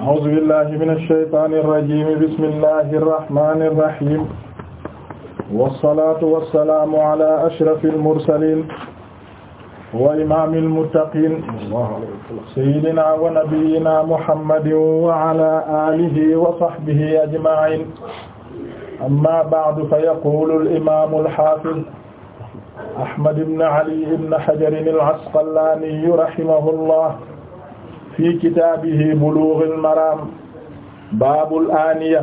أعوذ بالله من الشيطان الرجيم بسم الله الرحمن الرحيم والصلاة والسلام على أشرف المرسلين وإمام المتقين سيدنا ونبينا محمد وعلى آله وصحبه أجمعين أما بعد فيقول الإمام الحافظ أحمد بن علي بن حجر العسقلاني رحمه الله fi kitaabihi buluughil maraam baabul aaniya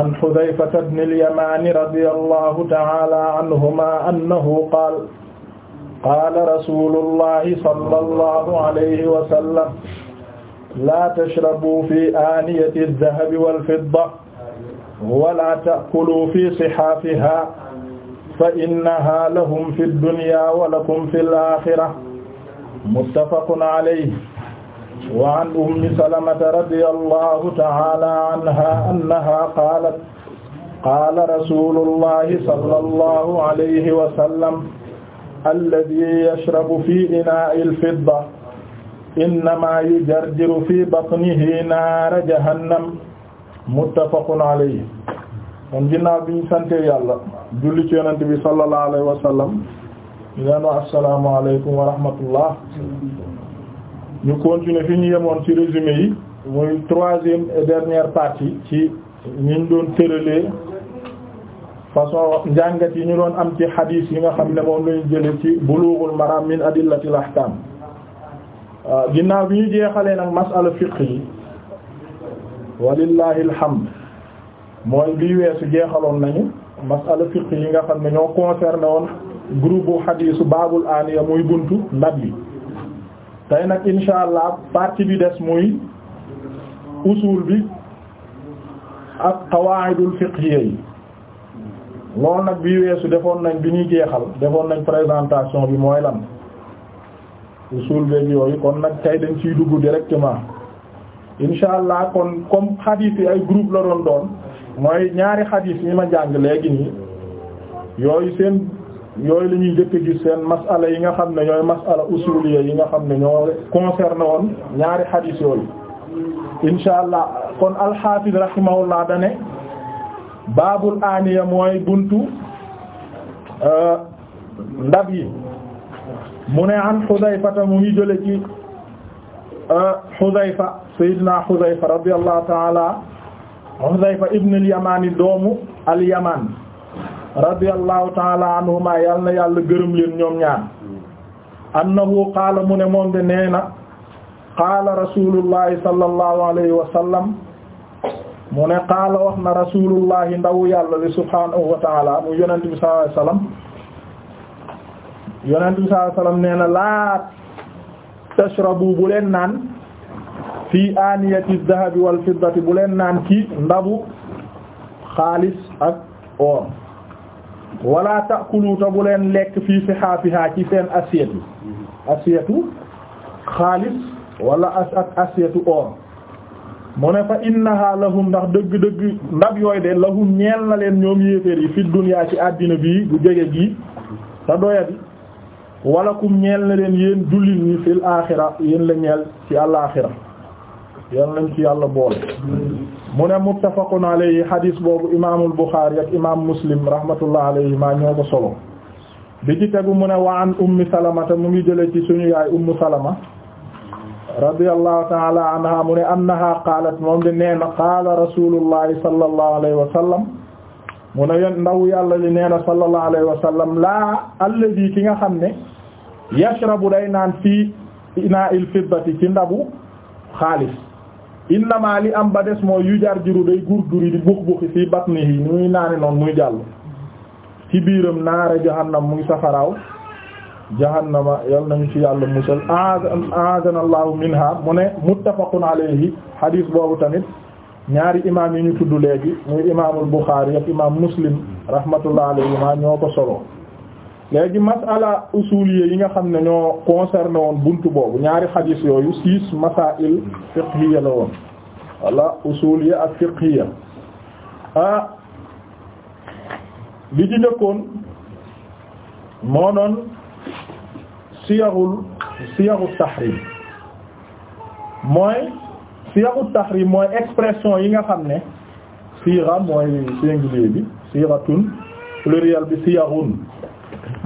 an Hudhayfata ibnil Yamaani radiyallahu ta'aalaa anhumaa annahu qaala qaala rasuulullahi sallallahu alayhi wa sallam laa tashrabuu fi aaniyati adh-dhahabi wal-fidda walaa ta'kuluu fi sihaafihaa fa innahaa lahum fi ad-dunyaa wa lakum fil aaxira muttafaqun alayhi wa an ummi salamata radiyallahu ta'ala anha annaha qaalat qaala rasulullahi sallallahu alayhi wa sallam alladhi yashrabu fi inaa'i al-fidda innamaa yujarjiru fi batnihi naara jahannam muttafaqun alayhi kon ginnaaw bi ñu sante yàlla julli ci yonent bi sallallahu alayhi wa sallam ñu leen wa assalaamu alaykum wa rahmatullah ñu continuer fi ñu yemoon ci résumé yi muy troisième et dernière partie ci ñu doon tëralee façon njàngat yi ñu doon am ci hadith yi nga xam ne moom lañu jële ci bulughul maram min adillatil ahkam ah, ginnaaw bi ñu jeexalee nag masala fiqh yi walillahi alhamd mooy bii weesu jeexaloon nañu masala fiqh yi nga xam ne ñoo concerné woon groupe bu hadith baabul aniya muy buntu ndab yi tey nag insha allah partie bi des muy usul bi ak qawaidul fiqhiyya yi loolu nag bi weesu defoon nañ bi ñuy jeexal defoon nañ présentation bi mooy lan usul beeg yooyu kon nag tey dañ ciy dugg directement insha allah kon comme xadiis yi ay groupe la doon doon mooy ñaari xadiis yi ma jàng léegi nii yooyu seen yooyu la ñuy jëkk gis seen masala yi nga xam ne ñooy masala usuliya yi nga xam ne ñoo concerné woon ñaari xadiis yooyu insha allah kon alxaafid rahimahullah dane baabul aaniya mooy buntu euh, ndab yi mu ne an xudayfata mu ngi jële ci euh, xudayfa sayyidina xudayfa radiyallahu taala xudayfa ibn al doomu al yamaan radiyallahu taala anhuma yal na yàlla gërëm leen ñoom ñaar annahu qaala mu ne moom de nee na qaala rasulullahi sallallahu alayhi wa sallam mu ne qaala wax na rasulullahi ndaw yàlla li subhanahu wa taala mu yonent bi sallallahu alayhi wa sallam yonent bi sallallahu alayhi wa sallam nee na laa tashrabu bu leen naan fii aaniyati dahabi wal fiddati bu leen naan ci ndabu xaalis ak or wala ta'kulu ta bu leen lekk fii sihaafihaa ci seen assiette yi assiette xaalis wala as ak assiette or mu ne fa innaha lahum ndax dëgg-dëgg ndab yooyu de lahum ñeel na leen ñoom yéeféer yi fi dunyaa ci àddina bii bu jege gii te doyadi wala kum ñeel na leen yéen jullit ñi fil aaxira yéen la ñeel ci àllaaxira yéen lañ ci yàlla boole mu ne muttafaqun alayhi hadis boobu imaamul Buxaari ak imaam Muslim rahmatullah alayhi maa ñoo ko solo bi ci tegu mu ne wa an ummi salama te mu ngi jële ci suñu yaay ummu salama radiyallahu taala anha mu ne annaha qaalat moom de nee na qaala rasulullahi sallallahu alayhi wa sallam mu ne yéen ndaw yàlla li nee na sallallahu alayhi wa sallam laa alladi ki nga xam ne yashrabu day naan fii inaa'il fiddati ci ndabu xaalis innama li am ba des mooy yu jar jiru day gurgur yi di bux buxi fii batnihi ni muy naani noonu muy jàll ci biiram naare jahannam muy safaraaw jahannama yal nañu ci yàlla musal a'adana allahu minha mu ne muttafaqun alayhi hadis boobu tamit ñaari imaam yi ñu tudd léegi muy imaamul Buxaari ak imaam Muslim rahmatullah alayhima ñoo ko solo léegi masala usuliye yi nga xam ne ñoo concerné woon buntu boobu ñaari xadiis yooyu six masail fiqhiya la woon walla usuliye ak fiqhiya ah li ci njëkkoon moo noon siyaxul siyaxu tahrim mooy siyaxu tahrim mooy expression yi nga xam ne siira mooy singulier bi siiratun pluriel bi siyaxun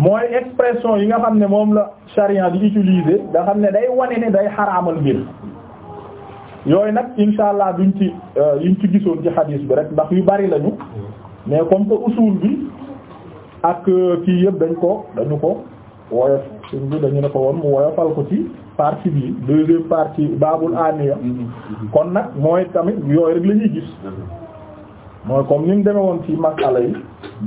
mooy expression yi nga xam ne moom la charia di utiliser nga xam ne day wane ne day xaraamal mbir yooyu nag insha allah duñ ci euh, yuñ ci gisoon ci xadiis bi rek ndax yu bari lañu mais comme que usul bi ak euh, kii yëpp dañ ko dañu ko woyof suñ bi dañu ne ko woon mu woyofal ko ci partie bi deuxième partie baabul aniya kon nag mooy tamit yooyu rek la ñuy gis mooy comme ni mu demee woon ci masala yi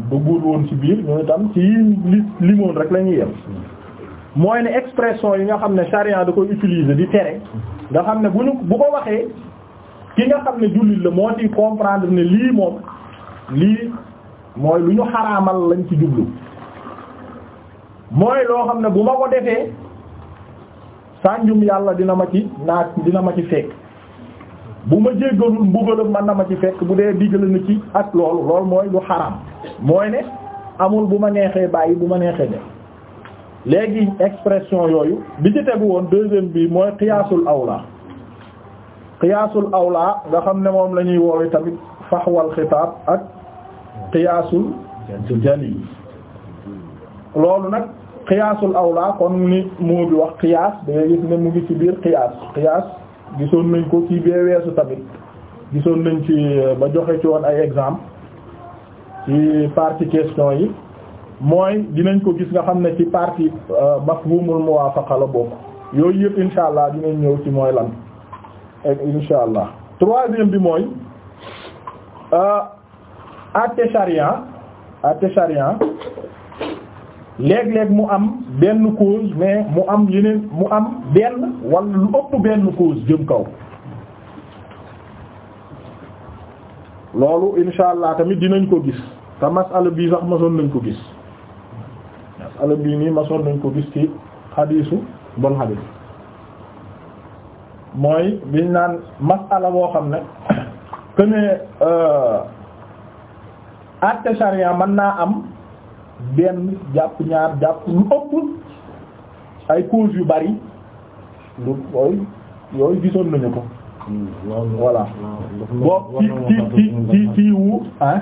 bëggul woon ci biir ñooy tam ci li limoon rek la ñuy yem mooy ne expression yi nga xam ne charia da koy utiliser di tere nga xam ne bu ñu bu ko waxee ki nga xam ne jullit la moo ci comprendre ne lii moom lii mooy lu ñu xaraamal lañ ci jublu mooy loo xam ne bu ma ko defee sànjum yàlla dina ma ci naa dina ma ci fekk bu ma jéggalul mbugalam man na ma ci fekk bu dee diggale na ci ak loolu loolu mooy lu xaraam mooy ne amul bu ma neexee bàyyi bu ma neexee def léegi expression yooyu bi ci tegu woon deuxième bi mooy qiyaasul awla qiyaasul awla nga xam ne moom la ñuy woowe tamit faxwal xitaab ak qiyaasul jali loolu nag qiyaasul awla kon ni moo bi wax qiyaas da gis ne mu ngi ci biir qiyaas qiyaas gisoon nañ ko kii bee weesu tamit gisoon nañ ci ba joxe ci woon ay exemple ci partie question yi mooy dinañ ko gis nga xam ne ci partie euh, mafhumul muwaafaqa la bokk yooyu yëpp insha allah dinañ ñëw ci mooy lan ak insha allah troisième bi mooy àtte euh, sharia àtte sharia léeg-léeg mu am benn cause mais mu am yeneen mu am benn wala lu ëpp benn cause jëm kaw loolu insha allah tamit dinañ ko gis te masala bii sax masoon nañ ko gis masala bii nii masoon nañ ko gis ci xadiisu bon xadiis mooy biñ naan masala boo xam ne que ne àtte euh, sharia mën naa am benn jàpp ñaar jàpp lu ëpp ay cause yu bari lu ooy yooyu gisoon nañu ko voilà boo ci ci ci ci wu ah.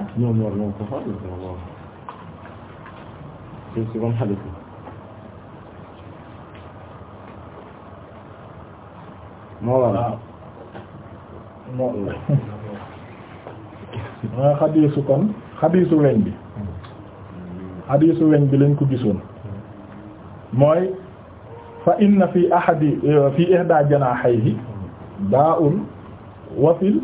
voilà. mooy xadiisu kon xadiisu weñ bi xadiisu weñ bi lañ ko gisoon mooy fa inna fi ahadi eh, fi ihda janaahihi daa un wafil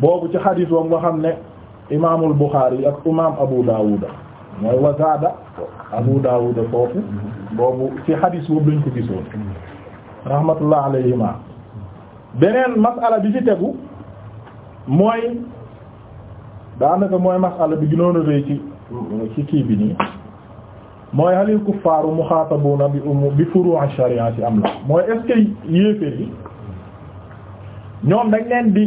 boobu ci xadiis boobu nga xam ne imaamul Buxaari ak imaam Abu Daawuda mooy wazaada Abu Daawuda foofu boobu ci xadiis boobu lañ ko gisoon rahmatullah alayhima beneen masala bi ci tegu mooy daanaka mooy masala bi gënoon a rëy ci kii bi nii mooy halil kuffaaru muxaatabuna bi umu bi furu' ash-shari'ati am na mooy est-ce que yéeféer yi ñoom dañ leen di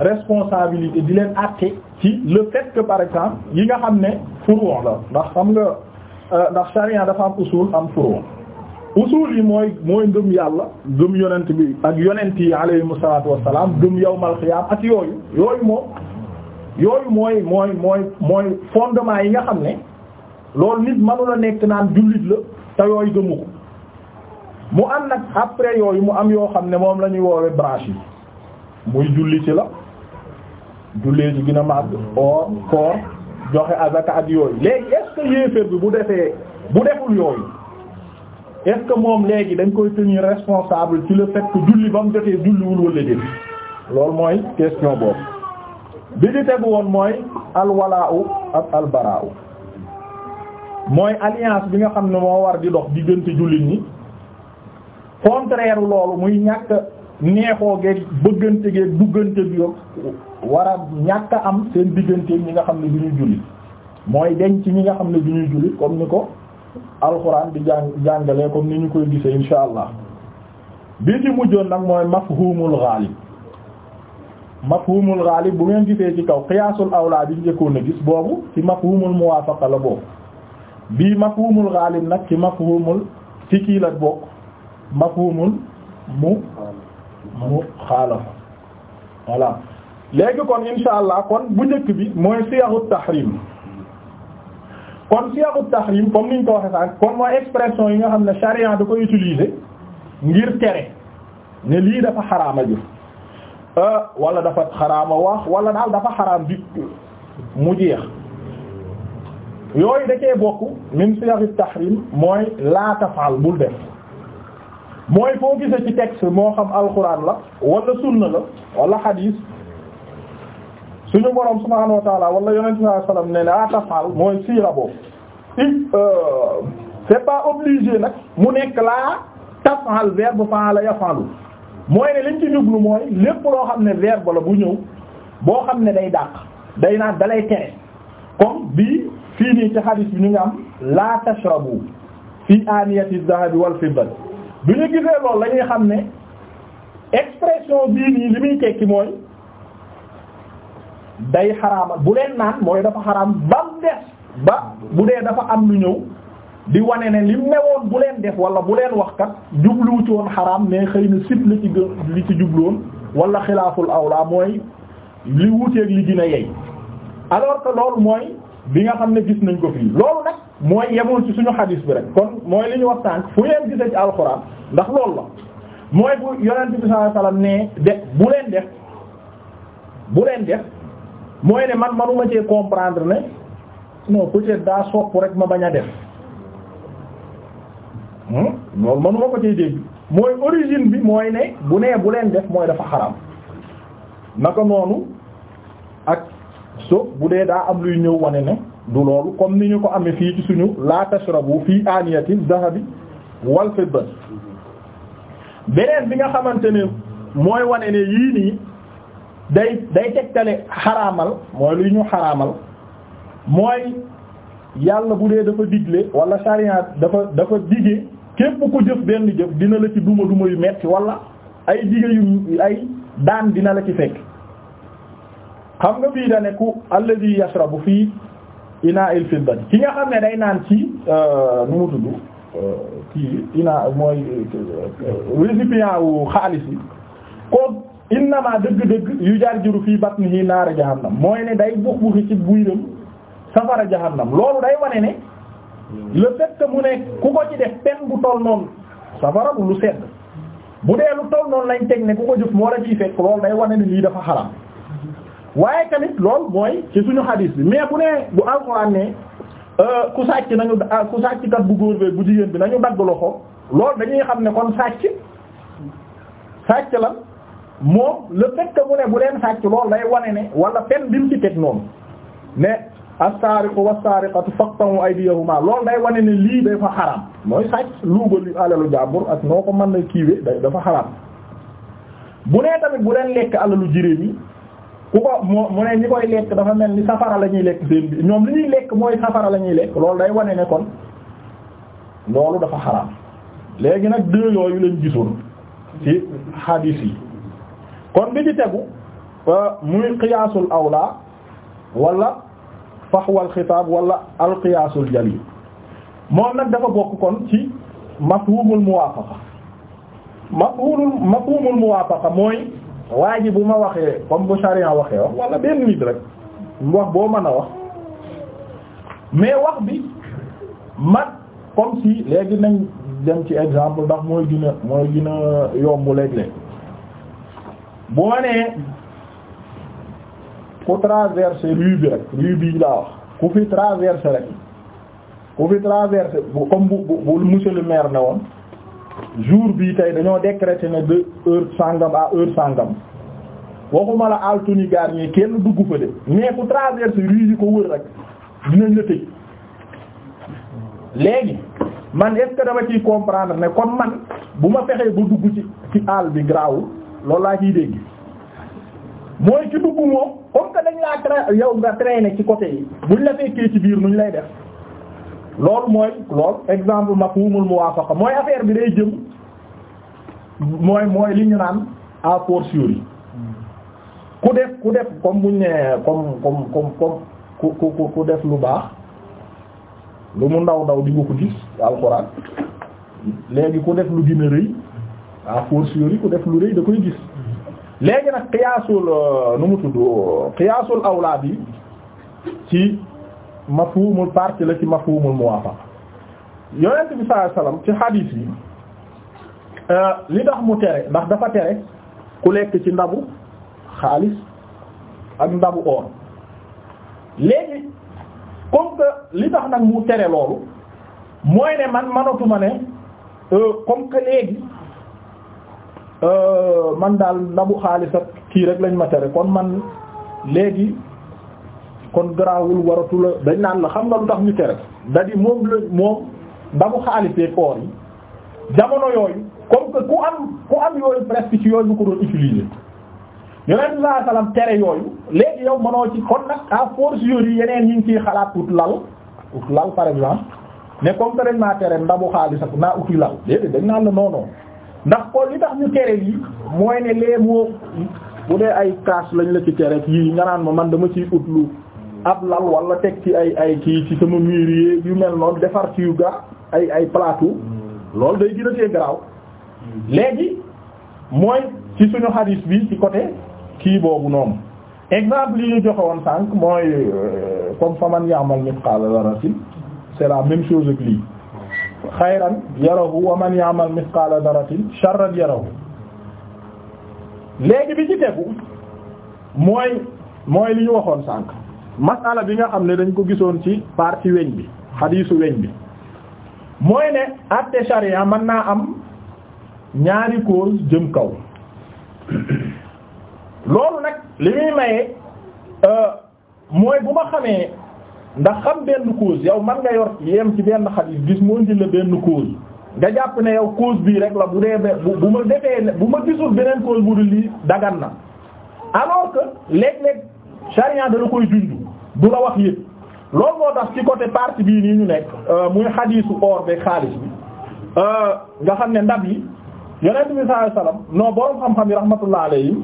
responsabilité di leen àtte ci le fait que par exemple yi nga xam ne furu' la ndax xam nga euh, ndax sharia dafa am usul am furu' usul yi mooy mooy ngëm yàlla ngëm yonent bi ak yonent yi alayhimu salaatu wassalaam ngëm yawmal xiyaam ak yooyu yooyu moom yooyu mooy mooy mooy mooy fondement yi nga xam ne loolu nit mënu la nekk naan jullit la te yooyu gëmu ko mu am nag après yooyu mu am yoo xam ne moom la ñuy woowe branche yi muy julli ci la jullee ci gën a màgg or koor joxe azaka ak yooyu léegi est yéeféer bi bu defee bu deful yooyu est-ce que moom léegi dañ koy tenir responsable ci le fait que julli ba mu jotee julliwul wala déet loolu mooy question boobu bi di tegu woon mooy alwalaawu ak albaraawu mooy alliance bi nga xam ne moo war di dox diggante jullit ñi contraire loolu muy ñàkk neexoo geeg bëggante geeg duggante bi yo war ñàkk am seen diggante ñi nga xam ne du ñu jullit mooy denc ñi nga xam ne bi ñuy jullit comme ni ko alxuraan di jàng jàngalee comme ni ñu koy gisee insha allah bi ci mujjoon nag mooy mafhumul ghalib mafhumul ghalib bu ngeen gisee ci kaw qiyaasul awla bi njëkkoon a gis boobu ci mafhumul muwaafaqa la boobu bii mafhumul ghalib nag ci mafhumul ci kii la bokk mafhumul mu mu xaalafa voilà léegi kon insha allah kon bu njëkk bi mooy siyahu tahrim kon siyahu tahrim comme niñ ko waxee sànq kon mooy expression yi nga xam ne charia da koy utiliser ngir tere ne lii dafa xaraama jëf euh, wala dafa xaraama wax wala daal dafa xaraam bi mu jeex yooyu da cee bokk min siyaqi tahrim mooy laa tafaal bul def mooy foo gisee ci texte moo xam alquran la wala sunna la wala hadis suñu borom subhaanahu wa taala wala yonent sallallahu alayhi ne laa tafaal mooy siira boobu il euh, c'est pas obligé nag mu nekk laa tafaal verbe faala yafaalu mooy ne liñ ci jublu mooy lépp loo xam ne verbe la bu ñëw boo xam ne day dàq day naan dalay tere comme bii fii nii ci hadith bi ñu ngi am la tashrabu fi aniyati dhahabi wal fiddati bi ñu gisee loolu la xam ne expression bii nii li muy tekki mooy day xaraamal bu leen naan mooy dafa xaraam ba mu des ba bu dee dafa am lu ñëw di wane ne lim mewoon bu leen def wala bu leen wax kat jubluwu ci woon xaraam mais xëy na sib li ci gë li ci jubluwoon wala xilaaful awla mooy li wuuteeg li dina yey alors que loolu mooy bi nga xam ne gis nañ ko fii loolu nag mooy yemoon ci suñu xadiis bi rek kon mooy li ñu waxtaan tànk fu ngeen gisee ci alxuraan ndax loolu la mooy bu yonent bi sallallahu alayhi wasallam ne de bu leen def bu leen def mooy ne man manuma cee comprendre ne non peut daa sopp rek ma bañ a def hmm? loolu manuma ko cee dégg mooy origine bi mooy ne bu nee bu leen def mooy dafa xaram naka noonu ak so bu dee daa am luy ñëw wane ne du loolu comme ni ñu ko amee fii ci suñu la tashrabu fii aniyati dhahabi wal fidda beneen bi nga xamante ne mooy wane ne yii nii day day tegtale xaraamal mooy luy ñu xaraamal mooy yàlla bu dee dafa digle wala sharia dafa dafa dige képp ko jëf benn jëf dina la ci duma duma yu metti wala ay dige yu ay daan dina la ci fekk xam nga fii da nekku alladhi yashrabu fii inaa il fiddati ki nga xam ne day naan ci euh, nu mu tudd euh, kii inaa mooy euh, récipient wu xaalis bi ko innama dëgg-dëgg yu jaar jiru fii batnihi naara jahannam mooy ne day bux buxi ci buydam safara jahannam loolu day wane ne le fait que mu ne ku ko ci def pen bu toll noonu safara bu lu sedd bu dee lu toll noonu lañ teg ne ku ko jëf moo la fekk loolu day wane ne lii dafa xaram waaye tamit lool mooy ci suñu xadiis bi mais bu nee bu alxuraan ne euh, ku sàcc nañu ah, ku sàcc kat bu góor bee bu jigéen bi nañu dagg loxo loolu dañuy xam ne kon sàcc sàcc la moom le fait que ne bu leen sàcc loolu day wane ne wala pen bi mu ci teg noonu ne as-sariqu was-sariqatu faqta'u aydiyahuma lool day wane ne lii day fa xaraam mooy sàcc luuba alalu jàmbur ak noo ko mën na kiiwee day dafa xaraam bu nee tamit bu leen lekk alalu jiréen yi ku ko moo mu ne ñi koy lekk dafa mel ni safara la ñuy lekk seen bi ñoom li ñuy lekk mooy safara la ñuy lekk loolu day wane ne kon loolu dafa xaraam léegi nag deux yooyu lañ gisoon ci hadis yi kon bi ci tegu euh, muy qiyaasul awla wala faxwal xitaab wala alqiyaasul jalil moom nag dafa bokk kon ci mafhumul muwaafaqa mafhumul mafhumul muwaafaqa mooy waa ji bu ma waxee comme bu sharia waxee wax wala benn nit rek wax boo mën a wax mais wax bi man comme si léegi nañ dem ci exemple ndax mooy gën mooy gën a yomb léeg-léeg boo nee ku traverser rue bi rek rue bi laa wax ku fi traverser rek ku fi traverser comme bu bu monsieur le ne woon jour bii tey dañoo décréter na de heure sangam à heure sangam waxuma la altuni garni kenn dugg fa de mais ku traverse rue yi ko wër rek dinañ la tëj léegi man est-ce que dama ciy comprendre ne kon man bu ma fexee ba dugg ci ci àll bi grawul loolu laa ciy dégg mooy ci dugg moom comme que dañ laa tra yow nga traîner ci côté yi buñ la fekkee ci biir nuñ lay def loolu mooy loolu exemple mafhumul muwaafaqa mooy affaire bi day jëm mooy mooy li ñu naan a fortiori ku def ku def comme bu ñu nee comme comme comme comme ku ku ku def lu baax lu mu ndaw ndaw di nga ko gis alxuraan léegi ku def lu gën a rëy a fortiori ku def lu rëy da koy gis léegi nag xiyaasul euh, nu mu tudd xiyaasul awlaad yi ci. mafhumul partie la ci mafhumul muwaafaqa yonent bi sallallahu alayhi wasallam ci hadith yi euh, li tax mu tere ndax dafa tere ku lekk ci ndabu xaalis ak ndabu or léegi comme que li tax nag mu tere loolu mooy ne man manatuma ne euh, comme que léegi euh, man daal ndabu xaalis ak kii rek lañ ma tere kon man léegi kon garaawul waratu la dañ naan la xam nga lu tax ñu tere da moom la moom ba mu xaalisee koor yi jamono ci yooyu bu ko doon utiliser yonent tere yooyu léegi yow mënoo ci kon nag à force yeneen ñu ngi ciy xalaat ut lal ut lal par exemple mais comme que dañ maa tere ndabu xaalis ak naa uti lal léegi ndax kon li tax ñu tere yi mooy ne lee bu dee ay cash lañ la ci tere yi nga ma man dama ciy ut lu. ab lal walla teg ci ay ay kii ci sama mur yu mel noonu defar ci yu gaa ay ay plateau hmm. loolu day gën a tee hmm. léegi mooy ci suñu hadis bi ci côté kii boobu noonu exemple yi ñu joxe woon sànq mooy euh, comme faman ya'mal mithqala dharratin c'est la même chose ak lii xayran yarahu wa man ya'mal mithqala dharratin sharran yarahu léegi bi ci tegu mooy mooy li ñu waxoon sànq masala bi nga xam ne dañ ko gisoon ci partie weñ bi xadiisu weñ bi mooy ne àtte sharia mën naa am ñaari cause jëm kaw loolu nag li muy maye euh, mooy bu ma xamee ndax xam benn cause yow man nga yor yem ci benn xadiis gis moo indi la benn cause nga jàpp ne yow cause bii rek la bu dee bu ma defee bu ma gisul beneen cause bu dul lii dagan na alors que léeg-léeg sharia dana koy jundu du la wax yëpp loolu moo tax ci côté partie bii nii ñu nekk euh, muy xadiisu or beeg xaalis bi euh, nga xam ne ndab yi yonent bi sallallahu alayhi wasallam non borom xam-xam yi rahmatullah alayhi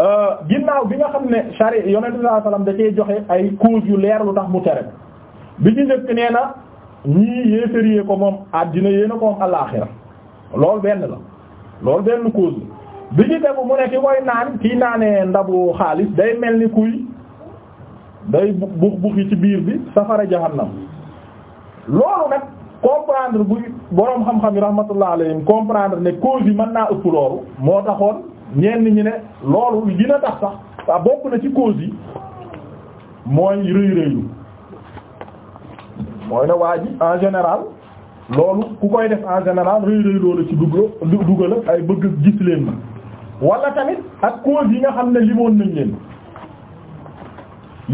euh, ginnaaw bi nga xam ne shari yonent bi sallallahu joxe ay cause yu leer lu tax mu tere bi ci njëkk nee na ñii yéeférie ko moom àddina yéena ko moom alaaxira loolu benn la loolu benn cause bi ñu def mu ne ki koy naan kii naanee ndabu xaalis day mel ni kuy day bux buxi ci biir bi safara jahannam loolu nag comprendre bu boroom xam-xam yi rahmatullah alayhim comprendre ne cause yi mën naa ëpp loolu moo taxoon ñenn ñi ne loolu dina tax sax bokk na ci cause yi mooy rëy rëylu mooy ne waa ji en général loolu ku koy def en général rëy rëy ci dugg dugal ay bëgg gis leen ma wala tamit ak cause yi nga xam ne limoon na leen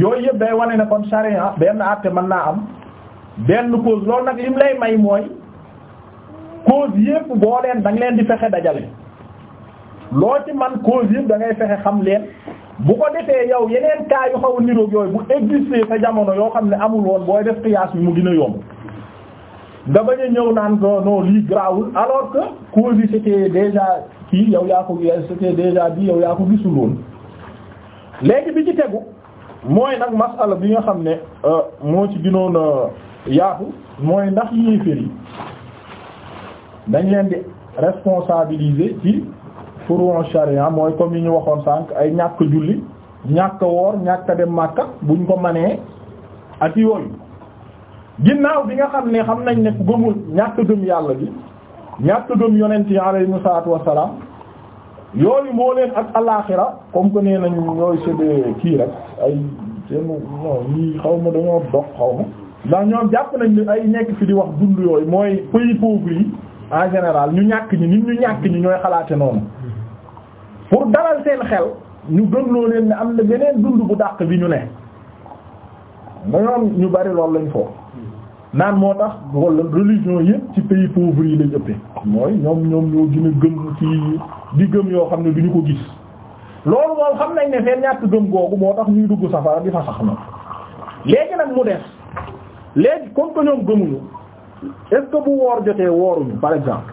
yooyu yëpp day wane na kon charia benn àtte mën naa am benn cause lool nag lim lay may mooy cause yëpp boo leen da nga leen di fexe dajale loo ci man cause yëpp da ngay fexe xam leen bu ko defee yow yeneen cas yu xaw a niroog yooyu bu exister sa jamono yoo xam ne amul woon booy def qiyaas bi mu gën a yomb nga bañ a ñëw naan ko non lii grawul alors que cause yi c'était déjà kii yow yaa ko c'était déjà bi yow yaa ko gisul woon léegi bi ci tegu. mooy nag masala bi nga xam ne euh, moo ci gënoon yaatu mooy ndax yéefér yi dañ leen di responsabiliser ci furon charia mooy comme yi ñu waxoon sànq ay ñàkk julli ñàkk woor ñàkk dem màkka buñ ko manee ak yooyu ginnaaw bi nga xam ne xam nañ ne gëmul ñàkk gëm yàlla bi ñàkk gëm yonent yi alayhimu salaatu wassalaam yooyu moo leen ak alaaxira comme que nee nañ kii rek ay seen non ñii xaw ma dañoo dox xaw ma ndax ñoom jàpp nañ ne ay nekk fi di wax dund yooyu mooy pays pauvre yi en général ñu ñàkk ñi nit ñu ñàkk ñi ñooy xalaate noonu pour dalal seen xel ñu gën loo leen ni am na beneen dund bu dàq bi ñu ne. dañoo ñu bari loolu lañ foofu. naan moo tax wala religion yëpp ci pays pauvres yi lañ ëppee mooy ñoom ñoom ñoo gën a gëm ci di gëm yoo xam ne du ñu ko gis loolu moom xam nañ ne seen ñàkk gëm googu moo tax ñuy dugg safara di fa sax na léegi nag mu des léegi comme que ñoom gëmuñu est bu woor jotee wooruñu par exemple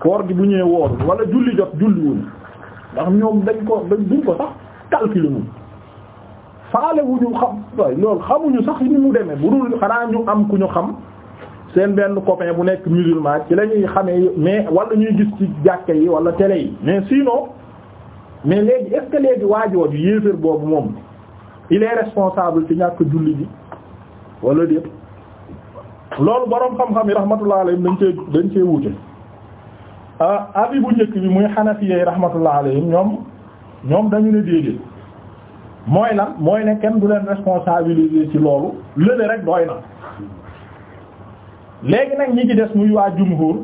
koor gi bu ñëwee wooruñu wala julli jot julliwuñu ndax ñoom dañ ko dañ duñ ko sax calculer wuñu faale wu ñu xam waaye loolu xamuñu sax ni mu demee bu dul xanaa ñu am ku ñu xam seen benn copain bu nekk musulman ci la ñuy xamee mais wala ñuy gis ci jàkka yi wala télé yi mais sinon mais léegi est-ce waajooju yéeféer boobu moom il est responsable ci ñàkk julli ji wala déet loolu boroom xam-xam yi rahmatullah alayhim dañ cee dañ cee wuute abi ah bu njëkk bi muy xanafi yi rahmatullah alayhim ñoom ñoom dañu ne déedéet mooy lan mooy ne kenn du leen responsabiliser ci loolu lële rek doy na léegi nag ñi ci des muy waa jumhur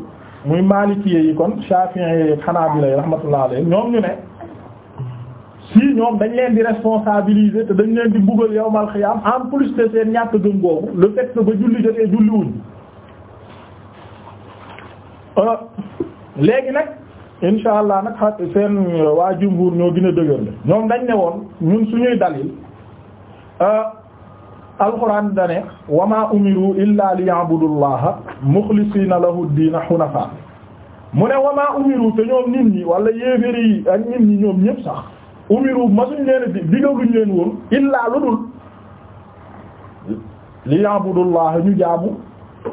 muy maalikiyee yi kon shafi'iyye yi xanaabila yi rahmatullah alayhim ñoom ñu ne si ñoom dañ leen di responsabiliser te dañ leen di mbugal yow xiyaam en plus de seen ñàkk gëm googu le fait que ba julli jotee julli wuñ euh, léegi nag insha allah nag xa seen euh, waa jumhur ñoo gën dëgër la ñoom dañ ne woon ñun suñuy dalil euh, alquran dane wa ma umiru illa liya'budullaha mukhlisina lahu diina hunafa mu ne wa ma umiru te ñoom nit ñi wala yéeféri ak nit ñi ñoom ñëpp sax umiru masuñ leen di digaluñ leen woon illa lu dul liya'budullaha ñu jaamu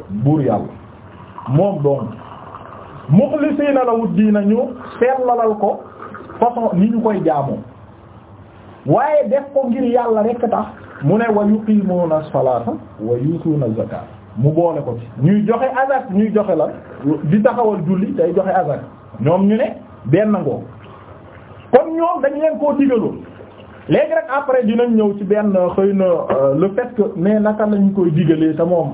buur yàlla moom doon muxlisiina lahu diina ñu sellalal ko façon ni ñu koy jaamoo waaye def ko ngir yàlla rekk tax mu ne wa yuqiimuuna salaata wa yuutuuna zakaat mu boole ko ci ñuy joxe azak ñuy joxe la di taxawal julli day joxe azak ñoom ñu ne benn ngoo kon ñoom dañ leen koo digaloon léegi rek après dinañ ñëw ci benn xëy na euh, le fait que mais naka lañu koy digalee te moom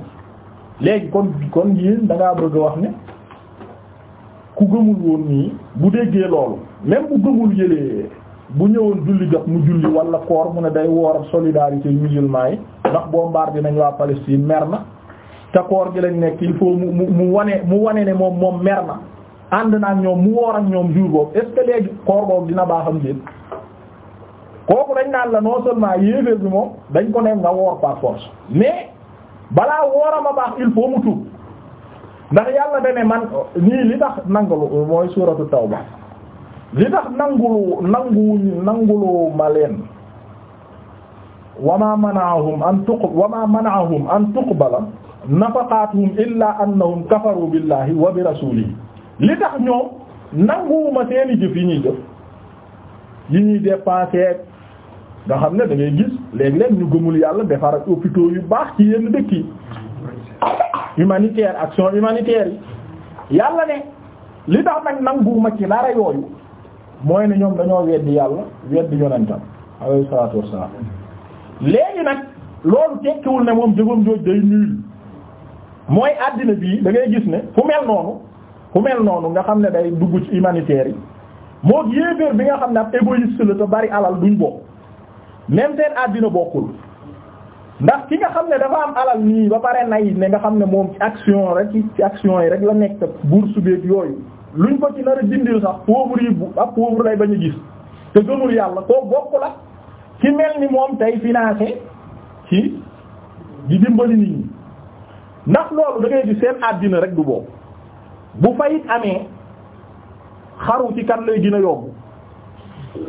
léegi kon kon yéen da bëgg wax ni ku gëmul woon nii bu déggee loolu même bu gëmul yëlee bu ñëwoon julli jot mu julli wala koor mu ne day woor ak solidarité musulman yi ndax bombardé nañ waa Palestine mer na te koor gi lañ nekk il faut mu mu wane mu wane ne moom moom mer na ànd naa ak ñoom mu woor ak ñoom jour boobu est ce que léegi koor boobu dina baaxam déet kooku dañ naan la non seulement yéeféer bi moom dañ ko ne nga woor par mais balaa woor a ma baax il faut mu tuub ndax yàlla dane man nii li tax nangalu mooy suuratu tawba li tax nangulu nanguwuñ nangulu ma leen wama manaahum an tuq wama manaahum an tuqbala nafaqaatuhum illa annahum kafaru billahi wa bi rasulihi li tax ñoom nanguwuma seeni jëf yi ñuy jëf yi ñuy dépenser nga xam ne dangay ngay gis léeg-léeg ñu gëmul yàlla defar ak hôpitaux yu baax ci yenn dëkk humanitaire action humanitaire yi yàlla ne li tax nag nanguuma ci dara yooyu mooy ne ñoom dañoo weddi yàlla weddi yonentam alayhi salaatu wassalaam léegi nag loolu tekkiwul ne moom jëfam jooj day nul mooy àddina bii da ngay gis ne fu mel noonu fu mel noonu nga xam ne day dugg ci humanitaire yi moo yéeféer bi nga xam ne ab égoïste la te bari alal duñ bokk même seen àddina bokkul ndax ki nga xam ne dafa am alal nii ba pare nay ne nga xam ne moom ci action rek ci action yi rek la nekk bourse beeg yooyu luñ ko ci nar a dindil sax pauvre yi ak pauvre lay bañ a gis te gëmul yàlla koo bokk la ci mel ni moom ay financé ci di dimbali nit ñi ndax loolu da ngay seen àddina rek du boobu bu fayit amee xaru ci kan lay gën a yomb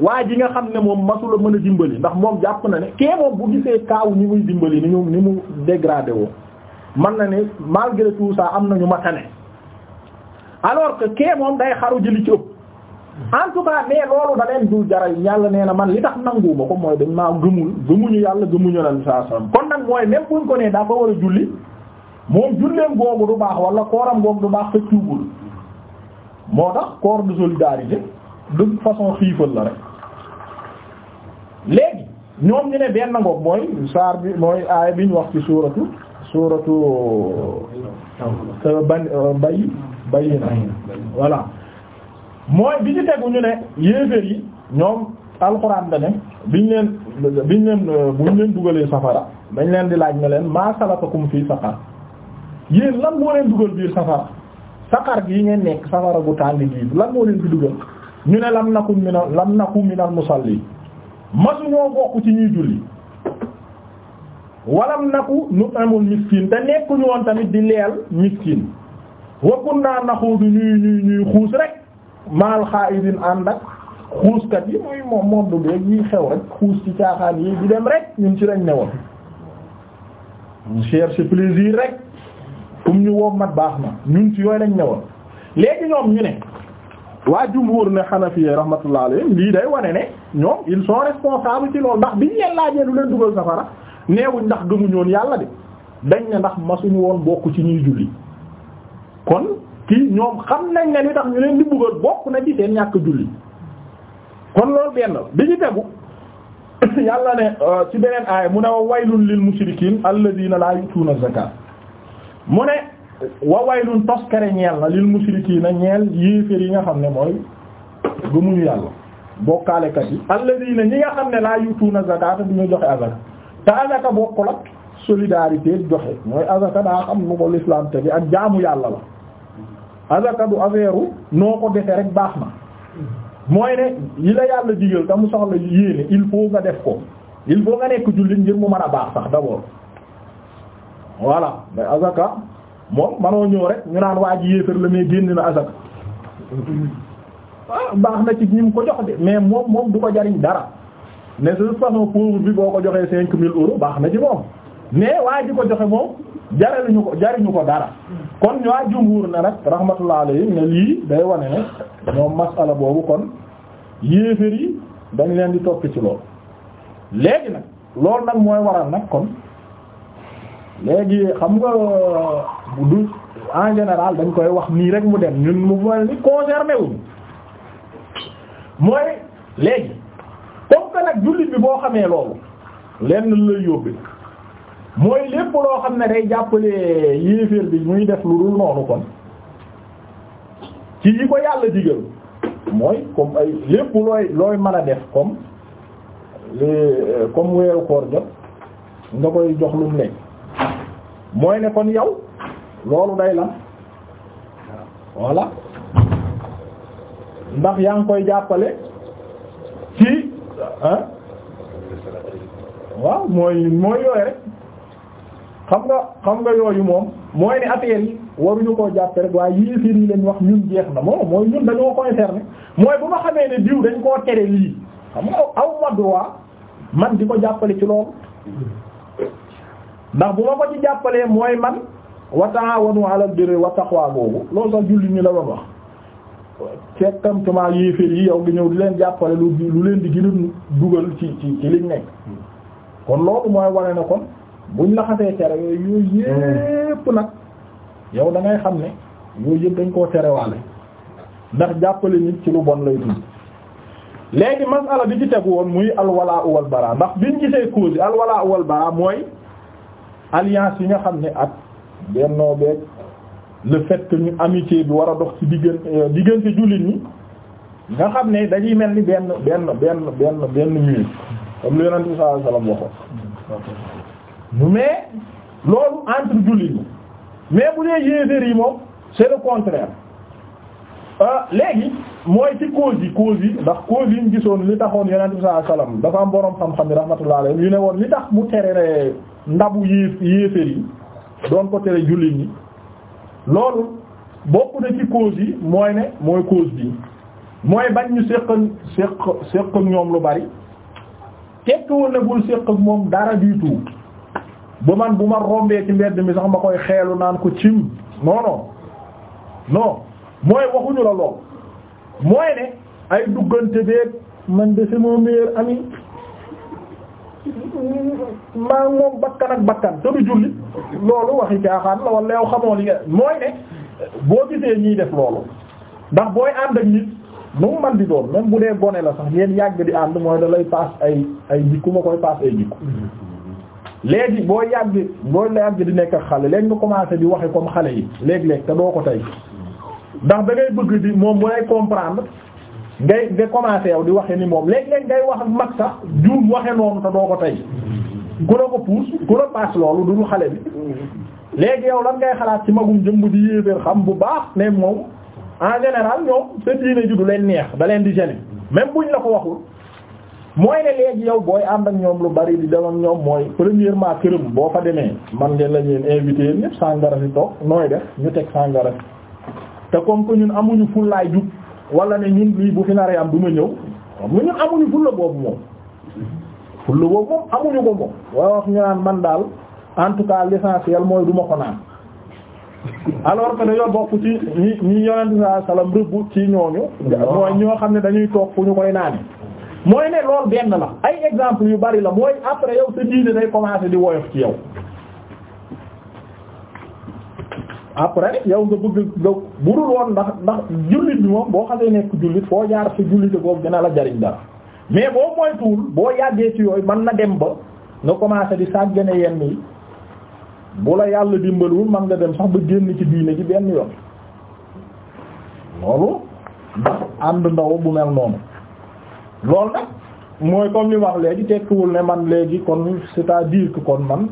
waa ji nga xam ne moom masula mën a dimbali ndax moom jàpp na ne kee moom bu gisee kaaw ñi muy dimbali ni ñu ni mu dégradé woo man na ne malgré tout ça am nañu matane alors que kee moom day xaru jëli ci ëpp en tout loolu da leen dul yàlla nee na man li tax nanguuma ko mooy dañ maa gëmul gëmuñu yàlla gëmuñu nabi sallallahu alayhi wasallam kon nag mooy même ko nee daa ko war a julli moom julleem googu du baax wala kooram googu du baax te tuubul moo tax corps de solidarité de façon xiifal la rek léegi ñoom ñu ne benn ngoog mooy saar bi mooy aaya bi ñu wax ci suuratu suuratu ban euh, bay bayi na voilà mooy bi ñu tegu ñu ne yéeféer yi ñoom alxuraan da ne biñ leen biñ leen euh, buñ leen dugalee safara dañ leen di laaj ma leen maa salakakum fii saqar yéen lan moo leen dugal biir safara saqar yi ngeen nekk safara gu tàng gii lan moo leen fi dugal ñu ne lam naku minal lam naku minal musalli masuñoo bokk ci ñuy julli walam naku nu amul miskin te nekkuñu woon tamit di leel miskin wakkun naa naxuudu ñuy ñuy ñuy xuus rek maal xaaidin ànd ak xuuskat yi mooy moom moom yi xew rek xuus ci caaxaan yi di dem rek ñun ci lañ ne woon on cherche plaisir rek um ñu wom mat baax na ñun ci yooyu lañ ne woon léegi ñoom ñu ne waa jumhur ne xanafiye rahmatullah alayhim lii day wane ne ñoom ils sont responsables ci loolu ndax biñ leen laajee lu leen dugal safara neewuñ ndax gëmuñu yàlla de dañ ne ndax masuñu woon bokk ci ñuy julli kon kii ñoom xam nañ ne li tax ñu leen di bëggal bokk na ci seen ñàkk julli kon loolu benn bi ñu tegu yàlla ne euh, ci beneen aay mu ne wa waylun lil mushrikiin alladhiina laa yu'tuuna zakaat mu ne wa waylun toskare ñeel na lil na ñeel yéeféer yi nga xam ne mooy gëmuñu yàlla bokkaalekat yi alladina ñi nga xam ne laa na zakata du ñu joxe azaka te azaka bokkul ak solidarité joxe mooy azaka daa xam nu ko l'islam te bi ak jaamu yàlla la azaka du affaire noo ko defee rek baax na mooy ne yi la yàlla digal te mu soxla yéene il faut nga def ko il faut nga nekk jullit ngir mu mën a baax sax d'abord voilà mais azaka moom manoo ñëw rek ñu naan waa ji yéefar la mais génn na asaka ah baax na ci ñi mu ko jox de mais moom moom du ko jariñ dara mais de toute façon bi boo ko joxee cinq mille euros baax na ci moom mais waa ji ko joxe moom ñu ko jariñu ko dara kon waa jumhur na nag rahmatullah alayhi ne lii day wane ne ñoom masala boobu kon yéefar yi dañ leen di topp ci loolu léegi nag loolu nag mooy waral nag kon léegi xam nga du en général dañ koy wax nii rek mu dem ñun mu mel ni concerné wuñ mooy léegi comme que nag jullit bi boo xamee loolu lenn lay yóbbee mooy lépp loo xam ne day jàppale yéeféer bi muy def lu dul noonu kon ci yi ko yàlla digal mooy comme ay lépp looy looy mën a def comme comme weeru koor jot nga koy jox lu mu lekk mooy ne kon yow loolu day la voilà ndax yaa ngi koy jàppale ci ah waaw mooy mooy yooyu rek xam nga xam nga yooyu moom mooy ne affaire yi waruñu koo jàppe rek waaye yii fiir yi lañ wax ñun jeex na moom mooy ñun dañoo concerné mooy bu ma xamee ne diw dañ koo tere lii xam nga aw ma droit man di ko jàppale ci loolu ndax bu ma ko ci jàppalee mooy man wa ta'awanu 'ala al boobu lool sax julli ñu la doon wax fekkamtement yéeféer yi yow gi ñëw di leen jàppale lu lu leen di gën a dugal ci ci ci liñ nekk kon loolu mooy wane ne kon buñ la cere tere yooyu yépp nag yow dangay xam ne yooyu yépp dañ koo terewaale ndax jàppale nit ci lu bon lay tudd léegi masala bi ci tegu woon muy alwala wal bara ndax biñ gisee cause yi alwala wal bara mooy alliance yi nga xam ne ak bennoo beeg le fait que ñu amitié bi war a dox ci diggante euh, diggante jullit ñi nga xam ne dañuy mel ni benn benn benn benn benn mur comme lu yonent bi sallallahu alayhi wasallam mm. mais loolu entre jullit ñi mais bu dee yéeféer yi moom c'est le contraire Euh, léegi mooy ci cause yi cause yi ndax cause yi ñu gisoon li taxoon yonent bi sallallahu alayhi wasallam dafa am boroom xam-xam yi rahmatullahi alayhi yu ne woon li tax mu tere ndabu yéef yéeféer yi doon ko tere jullit ñi loolu bokk na ci cause yi mooy ne mooy cause bi mooy bañ ñu séq séq séq ñoom lu bari tekkiwul ne bul séq moom dara du tout ba man bu ma rombee ci mbedd mi sax ma koy xeelu naan ko cim non non mooy waxuñu la lool mooy ne ay duggante beeg man de c'est mon meilleur ami moom bakkan ak bakkan te du julli loolu waxi caaxaan la wala yow xamoo li nga mooy ne boo gisee ñiy def loolu ndax booy ànd ak nit nu mu man di doon même bu dee gone la sax ngeen yàgg di ànd mooy da lay paas ay jikku ma koy paas ay jikku léegi boo yàgg boo yàgg di nekk xale leen nga commencé di waxe comme xale yi léeg-léeg te doo ko tey ndax da bëgg di moom mu lay comprendre ngay nga commencé yow di waxe ni moom léeg-léeg ngay wax ak mag sax juum waxe noonu te doo ko tey ku la ko puus ku la paas loolu du lu xale bi léegi yow lan ngay xalaat ci magum jëmb di yéeféer xam bu baax ne moom en général ñoom seen diine ji du leen neex ba leen di gêner même buñ la ko waxul mooy ne léegi yow booy ànd ak ñoom lu bari di dem ñoom mooy premièrement këram boo fa demee man ngeen la ñeen invité sàngara si toog nooy def ñu teg sàngara si te comme que ñun amuñu fullaay jub wala ne ñun lii bu fi naree am du ma ñëw mu ñun amuñu fulla boobu moom fulla boobu moom amuñu ko moom waaye wax ñu naan man daal en tout cas l'essentiel mooy du ma ko naan alors que dañoo bokk ci ñi ñi yonente saa sallam rëbb ci ñooñu mooy ñoo xam ne dañuy toog fu ñu koy naane mooy ne loolu benn la ay exemple yu bari la mooy après yow sa diine day commencer di woyof ci yow après yow nga bëgg nga budul woon ndax ndax jullit bi moom boo xamee nekk jullit foo jaar sa jullit boobu dina la jariñ dara mais boo moytuwul boo yàggee ci yooyu man na dem ba nga commencé di a yenn yi bu la yàlla dimbalul mën nga dem sax ba génn ci diine ci benn yoon loolu ndax ànd ndaw bu mel noonu loolu nag mooy comme li wax léegi tekkiwul ne man léegi kon c'est-à-dire kon man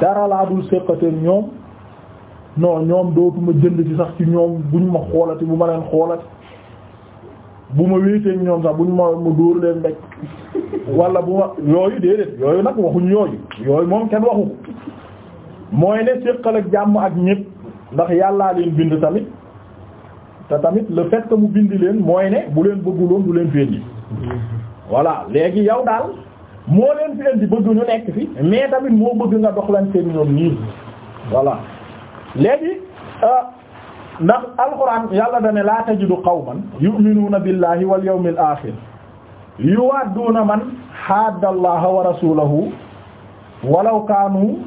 dara laa dul séqateen ñoom no ñoom dootuma jënd ci sax ci ñoom buñ ma xoolati bu ma leen xoolati bu ma wéeteeg ñoom sax buñ ma ma dóor leen mbéj wala bu ma yooyu déedéet yooyu nag waxuñ yooyu yooyu moom kenn waxu mooy ne séqal ak jàmm ak ñépp ndax yàllaa leen bind tamit te tamit la fait mu bindi leen mooy ne bu leen bëgguloon bu leen féndi voilà léegi yow daal moo leen di bëgg ñu nekk fi mais tamit moo bëgg nga dox lan seen ñoom nii voilà léegi euh, ndax alxuraan yàlla dane laa tajidu qawman yu'minuuna billahi wal yawmil aaxir yuwadduuna man haadda allaha wa rasulahu walaw kaanu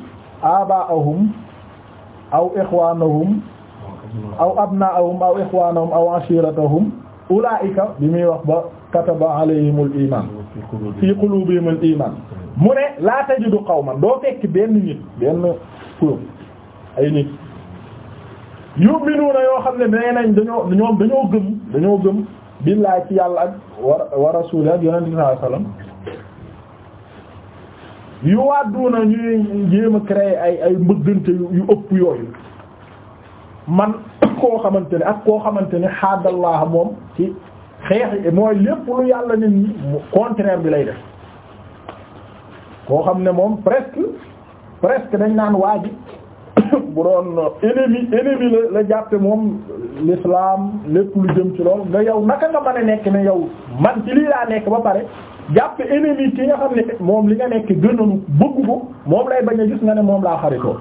abaa'ahum aw ixwaanahum aw abnaa'ahum aw ixwaanahum aw ashiiratahum ulaa'ika bi muy wax ba kataba alayhimul iimaan fi quluubihimul iimaan mu ne laa tajidu qawman doo fekk benn nit benn kuréel ay nit yu'minuuna yoo xam ne nee nañ dañoo ñoom dañoo gëm dañoo gëm billaay ci yàlla ak wa rasuuli ak yonent bi sallallahu alayhi yu wàdduuna ñuy jéem a créer ay ay mbëggante yu ëpp yooyu man koo xamante ne ak koo xamante ne xaadallah moom ci xeex mooy lépp lu yàlla nit ñi contraire bi lay def koo xam ne moom presque presque dañ naan waa bu doon ennemi ennemi la la jàppe moom l'islam lépp lu jëm ci lool nga yow naka nga mën a nekk ne yow man ci lii laa nekk ba pare jàppe ennemi ki nga xam ne moom li nga nekk gënalu bëgg ko moom lay bañ a gis nga ne moom laa xaritoo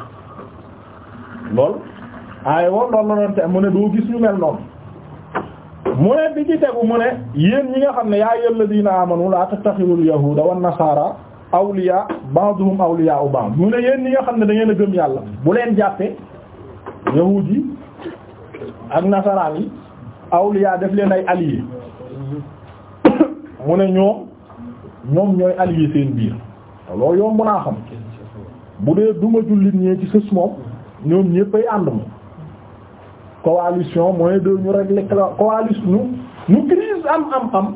lool ay woon loolu la doon te mu ne doo gis ñu mel noonu mu ne bi ci tegu mu ne yéen ñi nga xam ne yaa ayyuhal ladina amanu la tattakhidul yahuda wan nasara awliya ba'duhum awliya ba'd mu ne yéen ñi nga xam ne da ngeen a gëm yàlla bu leen jàppee yahuud yi ak nasaraan yi awliya def leen ay alliés mu ne ñoom ñoom ñooy alliés seen biir loolu yow mën naa xam bu dee duma jullit ñee ci sës moom ñoom ñépp ànd moom coalition mooy de ñu régler coalition ñu ñu crise am am am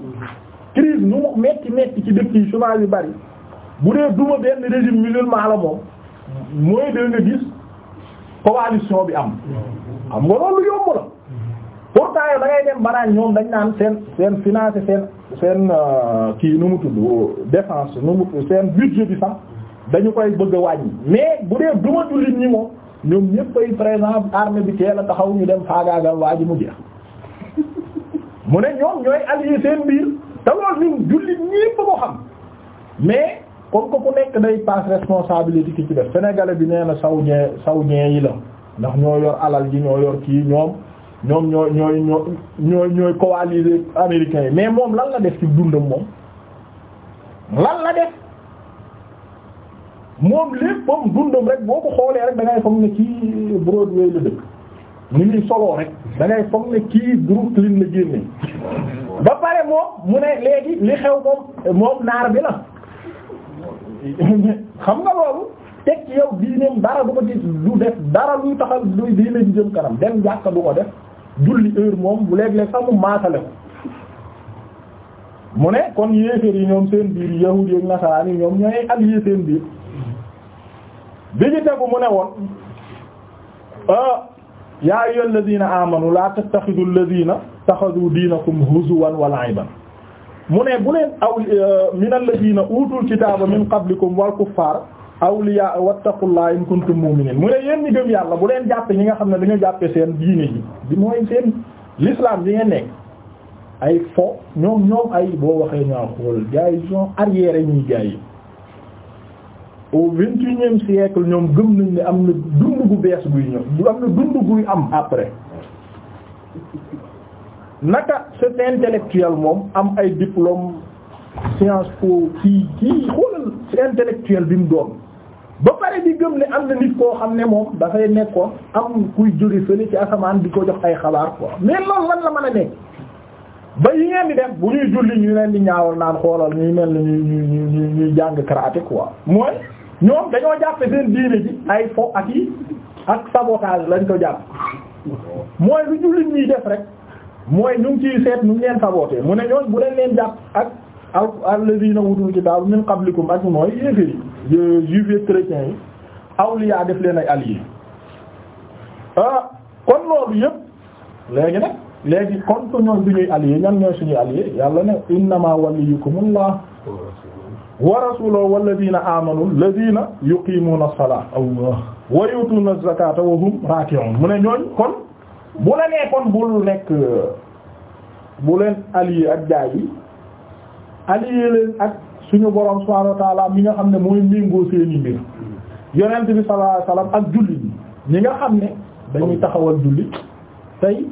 crise ñu metti metti ci dëkk yi chômage yu bari bu dee duma benn régime musulman la moom mooy da nga gis coalition bi am xam nga loolu yomb la pourtant yow da ngay dem banaan ñoom dañ naan seen seen financé seen seen euh, kii nu mu tudd défense nu mu tudd seen budget bi sax dañu koy bëgg a wàññi mais bu dee duma jullit ñi moom ñoom ñëpp ay présent armée bi teel a taxaw ñu dem faagaagal waa ji mu jeex mu ne ñoom ñooy allié seen biir te loolu ñun jullit ñëpp ko xam mais comme ko ku nekk day passe responsabilité ki ci def sénégalais bi nee na saoudien saoudien yi la ndax ñoo yor alal ji ñoo yor kii ñoom ñoom ñooy ñooy ñoo ñooy ñooy coaliser américains yi mais moom lan la def ci dundam moom lan la def moom lépp moom dundam rek boo ko xoolee rek da ngay foog ne kii Broadway la dëkk ni muy soloo rek da foog ne kii Brooklyn la génne ba pare moom mu ne léegi li xew moom moom naar bi la xam nga loolu teg ci yow diineem dara du ko di du def dara luy taxal luy diine jëm kanam dem jàkka du ko def julli heure moom bu léeg-léeg sax mu maasale mu ne kon yéeféer yi ñoom seen biir yahuud yi ak nasaraan yi ñoom ñooy allié seen biir bi ñu tegu mu ne woon yaa ayyuhal ladina amanu la tattakhidul ladina takhadhu dinakum huzuwan wa la'iban mu ne bu leen aw euh, min alladina utul kitaaba min qablikum wal kuffaar awliya wattaqullaha in kuntum mu'minin mu ne yéen ñi gëm yàlla bu leen jàppe ñi nga xam ne dañu jàppe seen diine ji di mooy seen l'islam bi ngeen nekk ay fo ñoom ñoom ay boo waxee ñaa xool gars yi sont ñuy gars yi au vingt et unième siècle ñoom gëm nañ ni am na dund gu bees guy ñëw am na dund guy am après naka cet intellectuel moom am ay diplôme Sciences Po kii kii xoolal ci intellectuel bi mu doon ba pare di gëm ne am na nit koo xam ne moom dafay nekkoon am kuy jóge fële ci asamaan di ko jox ay xabaar ko mais loolu la mën a nekk ba yi ngeen di def bu ñuy julli ñu leen di ñaawal naan xoolal ñuy mel ni ñu ñuy ñuy jàng karaté ko mooy ñoom dañoo jàppe seen diine ji ay fo ak yi ak sabotage lañ ko jàpp mooy lu jullit ñuy def rek. mooy ñu ngi ciy seet ñu leen sabootee mu ne ñoon bu leen leen jàpp ak ak alladina wutul kitaab min qablikum ak mooy yéeféri juifs chrétiens yi awliya def leen ay alliés ah kon loolu yëpp léegi nag léegi kon ko ñoom du ñuy alliés ñan ñooy suñuy alliés yàlla ne innama waliyukumullah wa rasuluhu walladina amanu alladina yuqimuna as-salata allah wa yu'tuna az-zakata wa hum raki'un mu ne ñooñ kon bu la kon bul nekk bu leen allié ak jaay yi allié leen ak suñu borom subhaanahu wa nga xam ne mooy méngoo seeni mbir yonent bi sallallahu alayhi ak julli ñi ñi nga xam ne dañuy taxawal julli tey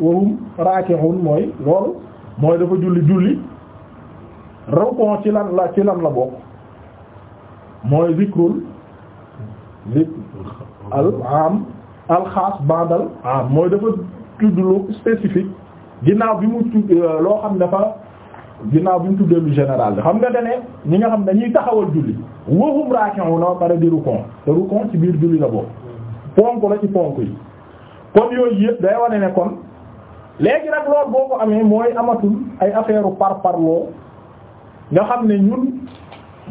wahum raaki'uun mooy loolu mooy dafa julli julli rawkon ci lan la ci lan la bokk mooy zikrul zikr al am alxaas bandal ah mooy dafa tudd lu spécifique ginnaaw bi mu tudd euh, loo xam dafa ginnaaw bi mu tuddee lu général bi xam nga dane ñi nga xam dañuy taxawal julli wahum raki'una pare di rukon te rukon ci biir julli la boobu ponk la ci ponk yi kon day wane ne léegi nag ko amee mooy amatul ay affaire u par parloo nga xam ne ñun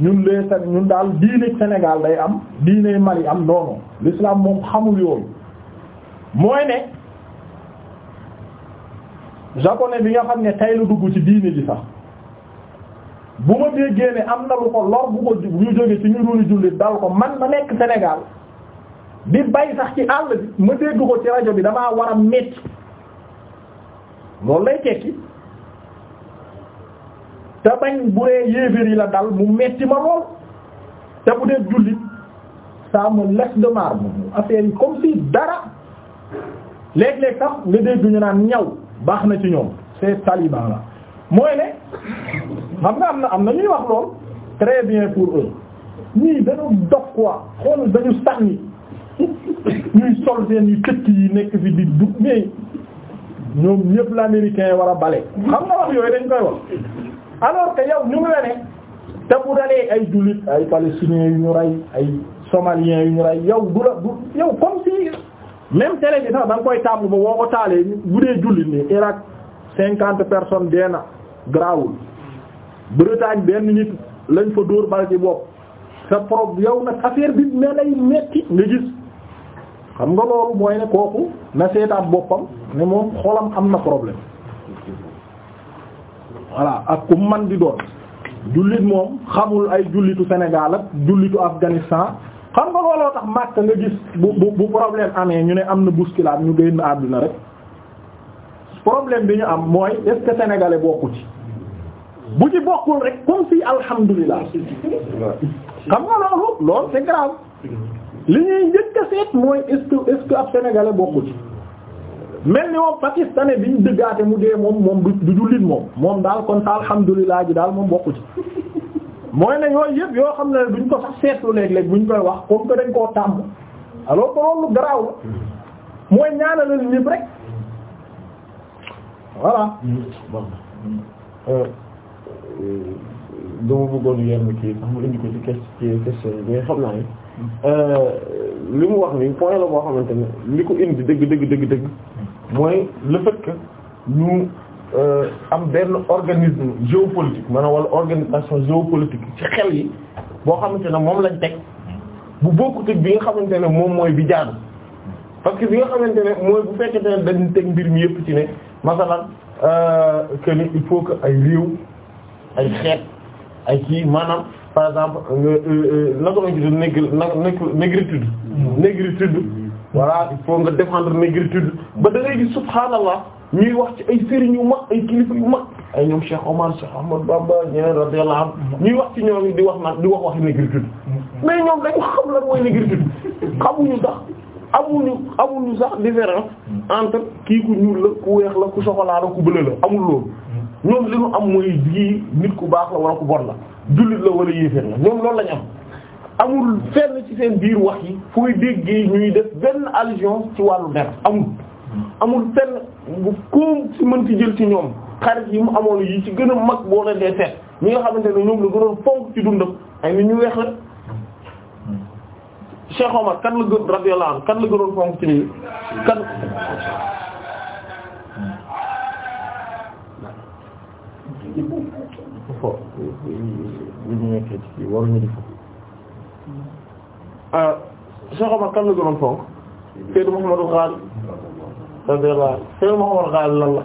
ñun les ñun daal diine Sénégal day am diine Mali am noonu l'islam moom xamul yooyu mooy ne japonais bi nga xam ne tay la dugg ci diine ji sax bu ma déggee ne am na lu ko lor bu ko ñu jóge ci ñu doon jullit dal ko man ma nekk senegal di bay sax ci àll bi ma dégg ko ci rajo bi damaa war a metti loolu lay tekki te bañ bu dee yéeféer yi la dal mu metti ma lool te bu dee jullit ça me laisse de marbre affaire yi comme si dara léeg-léeg sax nga dégg ñu naan ñaw baax na ci ñoom c'est taliban la mooy ne xam nga am na am na ñuy wax lool très bien pour eux ñii dañu dox quoi xool dañu sànni ñuy sol seen yu tëkk yi nekk fi di dugg mais ñoom ñëpp l'américain war a bale xam nga wax yooyu dañ koy wax alors que yow ñu ngi la ne te bu dalee ay jullit ay palestiniens yu ñu rey ay somaliens yu ñu rey yow du la du yow comme si même télé bi sax da koy tàmm ba boo ko taalee bu dee jullit ni Irak cinquante personnes dee na grawul Bretagne benn nit lañ fa dóor bal ci bopp sa prob yow nag affaire bi ne lay metti nga gis xam nga loolu mooy ne kooku na seetaat boppam ne moom xolam am na problème voilà ak ku man di doon jullit moom xamul ay jullitu Sénégal ak jullitu Afghanistan xam nga looloo tax màkk nga gis bu bu bu problème amee ñu ne am na bousculade ñu génn àdduna rek problème bi ñu am mooy est-ce que sénégalais bokku ci bu ci bokkul rek comme si alhamdulilah xam nga loolu loolu c'est li ñuy njëkk a seet mooy est que est que ab sénégalais bokku ci mel ni moom pakistanais bi ñu dëggaate mu dee moom moom du jullit moom moom daal kon sa alhamdulilah ji daal moom bokku ci mooy ne yooyu yëpp yoo xam na ne duñ ko sax seetlu léeg-léeg buñ koy wax comme que dañ koo tàmm alors que loolu garaaw la mooy ñaanalal ñëpp rek voilà. bon euh, dama bëggoon yem kii sax mu indi ko ci question yi mais xam naa euh, li mu wax nii point la boo xamante ne li ko indi dëgg dëgg dëgg dëgg mooy le fait que Euh, am benn organisme géopolitique maanaam wala organisation géopolitique ci xel yi boo xamante ne moom lañ teg bu bokkut bi nga xamante ne moom mooy bi jaadu parce que bi nga xamante ne mooy bu fekkente ne dañ teg mbir mi yëpp ci ne masalan euh, que il faut que ay réew ay xeet ay kii maanaam par exemple euh, naka lañ tuddee négri négritude. négritude voilà il faut nga défendre négritude ba da ngay gis subhaanallah ñuy wax ci ay sëriñ yu ma ay kilifa yu ma ay ñoom Cheikh Omar Cheikh Ahmad Bamba ñeneen radiyallahu anhu ñuy wax ci ñoom di wax naan di wax waxi négritude mais ñoom dañu xam lan mooy négritude xamuñu sax amuñu amuñu sax différence entre kii ku ñuul la ku weex la ku soxolaa la ku bële la amul loolu ñoom li ñu am mooy ji nit ku baax la wala ku bon la jullit la wala yéeféer la ñoom loolu lañu am amul fenn ci seen biir wax yi fooy déggee ñuy def benn allusion ci wàllu der amul amul fenn bu koom ci mën jël ci ñoom xarit yi mu amoon yi ci gën a mag boo leen dee seet ñi nga xamante ne ñoom la gënoon fonk ci dundam ay nit ñu weex la Cheikh Omar kan la gën radiyallahu anhu kan la gënoon fonk ci nii kan ah, fo radiyallahu anhu Seydou Mouhamadou Ghazali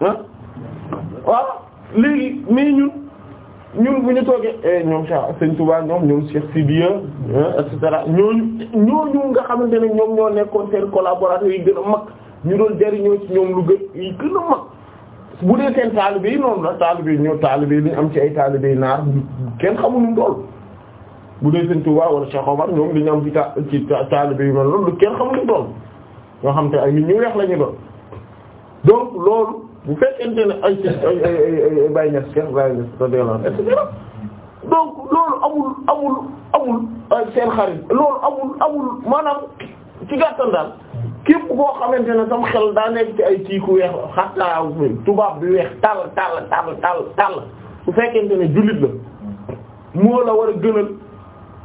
la ah waaw léegi mais ñun ñun bu ñu toogee eh, ñoom Cheikh Sëñ Touba ñoom ñoom Cheikh Sidiya eh, et cetera ñooñu ñooñu nga xamante ne ñoom ñoo nekkoon seen collaborateurs yi gën a mag ñu doon jariñoo ci ñoom lu gën a mag bu dee seen taalibe yi noonu la taalibe yi ñoo taalibe yi ñu am ci ay taalibe yi naar kenn xamuñu dool bu dee Sëriñ Tuubaa wala Cheikh Omar ñoom dañu am ci ta ci taalibe yu mel noonu lu kenn xamul lu doon ñoo xam te ay nit ñu weex la ñu donc loolu bu fekkente ne ay donc loolu amul amul amul seen xarit loolu amul amul maanaam ci daal képp koo xamante ne sam xel daa nekk ci ay weex xataa tubaab bi weex tàll tàll tàll tàll tàll su fekkente ne jullit la moo la war a gënal.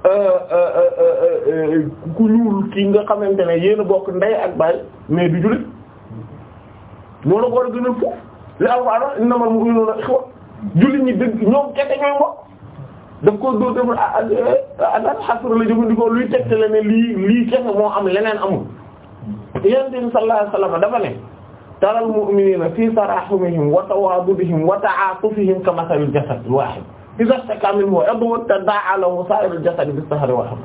Euh, euh, euh, ku ñuul ki nga xamante ne yéen a bokk ndey ak baay mais du jullit moo la ko a gën a foofu li alxuraan innamal mu'minuuna ixwa jullit ñi dëgg ñoom kese ñooy mbokk daf ko dóor def adal ah, ah, ah, xasra la jëfandikoo luy tegtale ne lii lii kese moo am leneen amul yonent bi sallallahu alayhi wasallam dafa ne taral mu'miniina fii taraahumihim wa tawaadudihim wa ta'aatufihim ka masalil jasadil waahid isa stakaamin mooy abdoon te daa alamu sa'irul jasad bi sahari wal hamd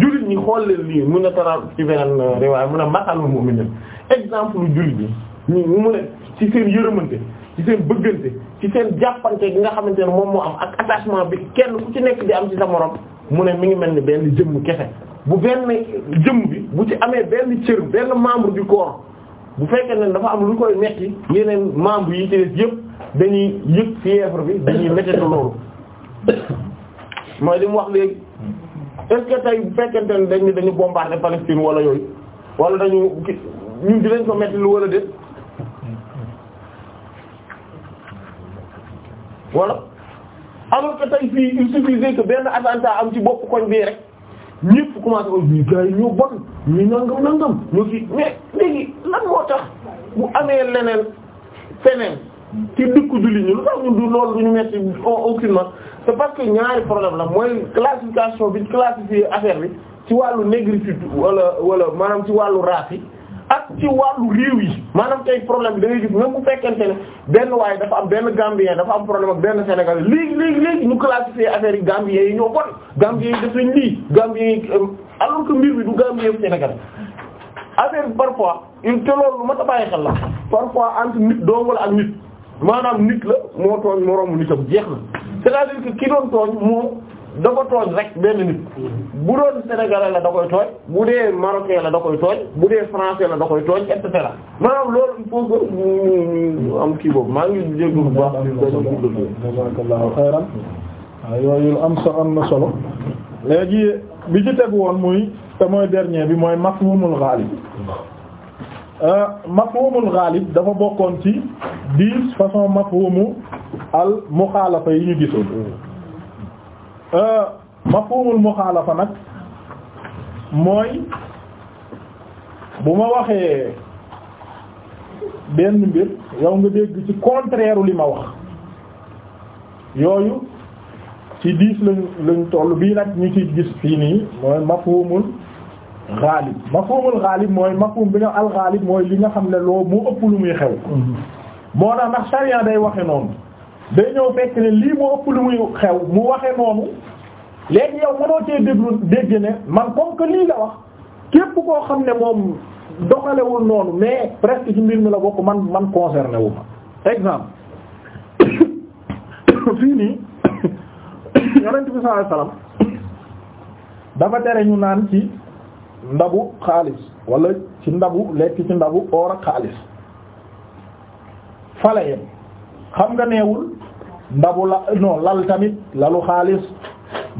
jullit ñi xool lii mun a taraal ci beneen euh, riwaay mun a masalul mu'minin exemple lu bi ñi ñu mu ne ci seen yërëmante ci seen bëggante ci seen jàppante gi nga xamante ne moom moo am ak attachement bi kenn ku ci nekk di am ci sa morom mu ne mi ngi mel ni benn jëmm kese bu benn jëmm bi bu ci amee benn cër benn membre du corps bu fekkee ne dafa am lu koy metti yeneen membre yi ci des yëpp dañuy yëg fièvre bi dañuy métti loolu mooy li mu wax léegi est ce bu fekkente dañu dañu bombarder Palestine wala yooyu wala dañu ñun dinañ ko metti lu wala déet voilà alors que tey fii il suffisait que benn attentat am ci bopp koñ bii rek ñëpp commencé ko oh, ñu gars yi ñoo bon ñu nangam nangam ñu fi mais léegi lan moo tax bu amee leneen feneen ci dëkku jullit ñu lu tax ñu du loolu du ñu metti aucunement c'est parce que ñaari problème la mooy classification bi classifié affaire bi ci wàllu négritude wala wala maanaam ci wàllu race yi ak ci wàllu réew yi maanaam tey problème bi da ngay gis ku bu fekkente ne benn waaye dafa am benn Gambien dafa am problème ak benn Sénégalais léegi léegi léegi ñu classifié affaire yi Gambien yi ñoo bon Gambien yi def nañ lii Gambien yi euh, alors que mbir bi du Gambien Sénégalais affaire bi parfois il te loolu ma ta bàyyi la parfois entre nit dong ak nit maanaam nit la moo tooñ moroomu nitam jeex na c'est-à-dire que ki doon tooñ moom dafa tooñ rek benn nit bu doon sénégalais la da koy tooñ bu dee marocain la da koy tooñ bu dee français la da koy tooñ et cetera maanaam loolu il faut que am kii boobu maa ngi jéggi bu baax jazakallahu xayran ah, yooyu am so am na solo léegi bi ci teg woon muy te mooy dernier bi mooy mafhumul ghalib Euh, mafhumul ghalib dafa bokkoon ci dix façon mafhumu al muxaalafa yi ñu gisoon euh, mafhumul muxaalafa nag mooy bu ma waxee benn mbir yow nga dégg ci contraire li ma wax yooyu ci dix lañ lañu toll bii nag ñu ci gis fii nii mooy mafhumul xaalib mafhumul xaalib mooy mafhum bi xaalib mooy li nga xam ne loo moo ëpp lu muy xew mm-hmm. moo tax ndax sariya day waxe noonu day ñëw fekk ne lii moo ëpp lu muy xew mu waxe noonu léegi yow mënoo cee déglu dégg ne man comme que lii la wax képp koo xam ne moom woon noonu mais presque ci mbir mi la bokk man man concerné ma exemple fii nii yonent bi sallallahu alayhi dafa tere ñu naan ci ndabu xaalis wala ci ndabu lekk ci ndabu or ak xaalis fale xam nga neewul ndabu la non lal tamit lalu xaalis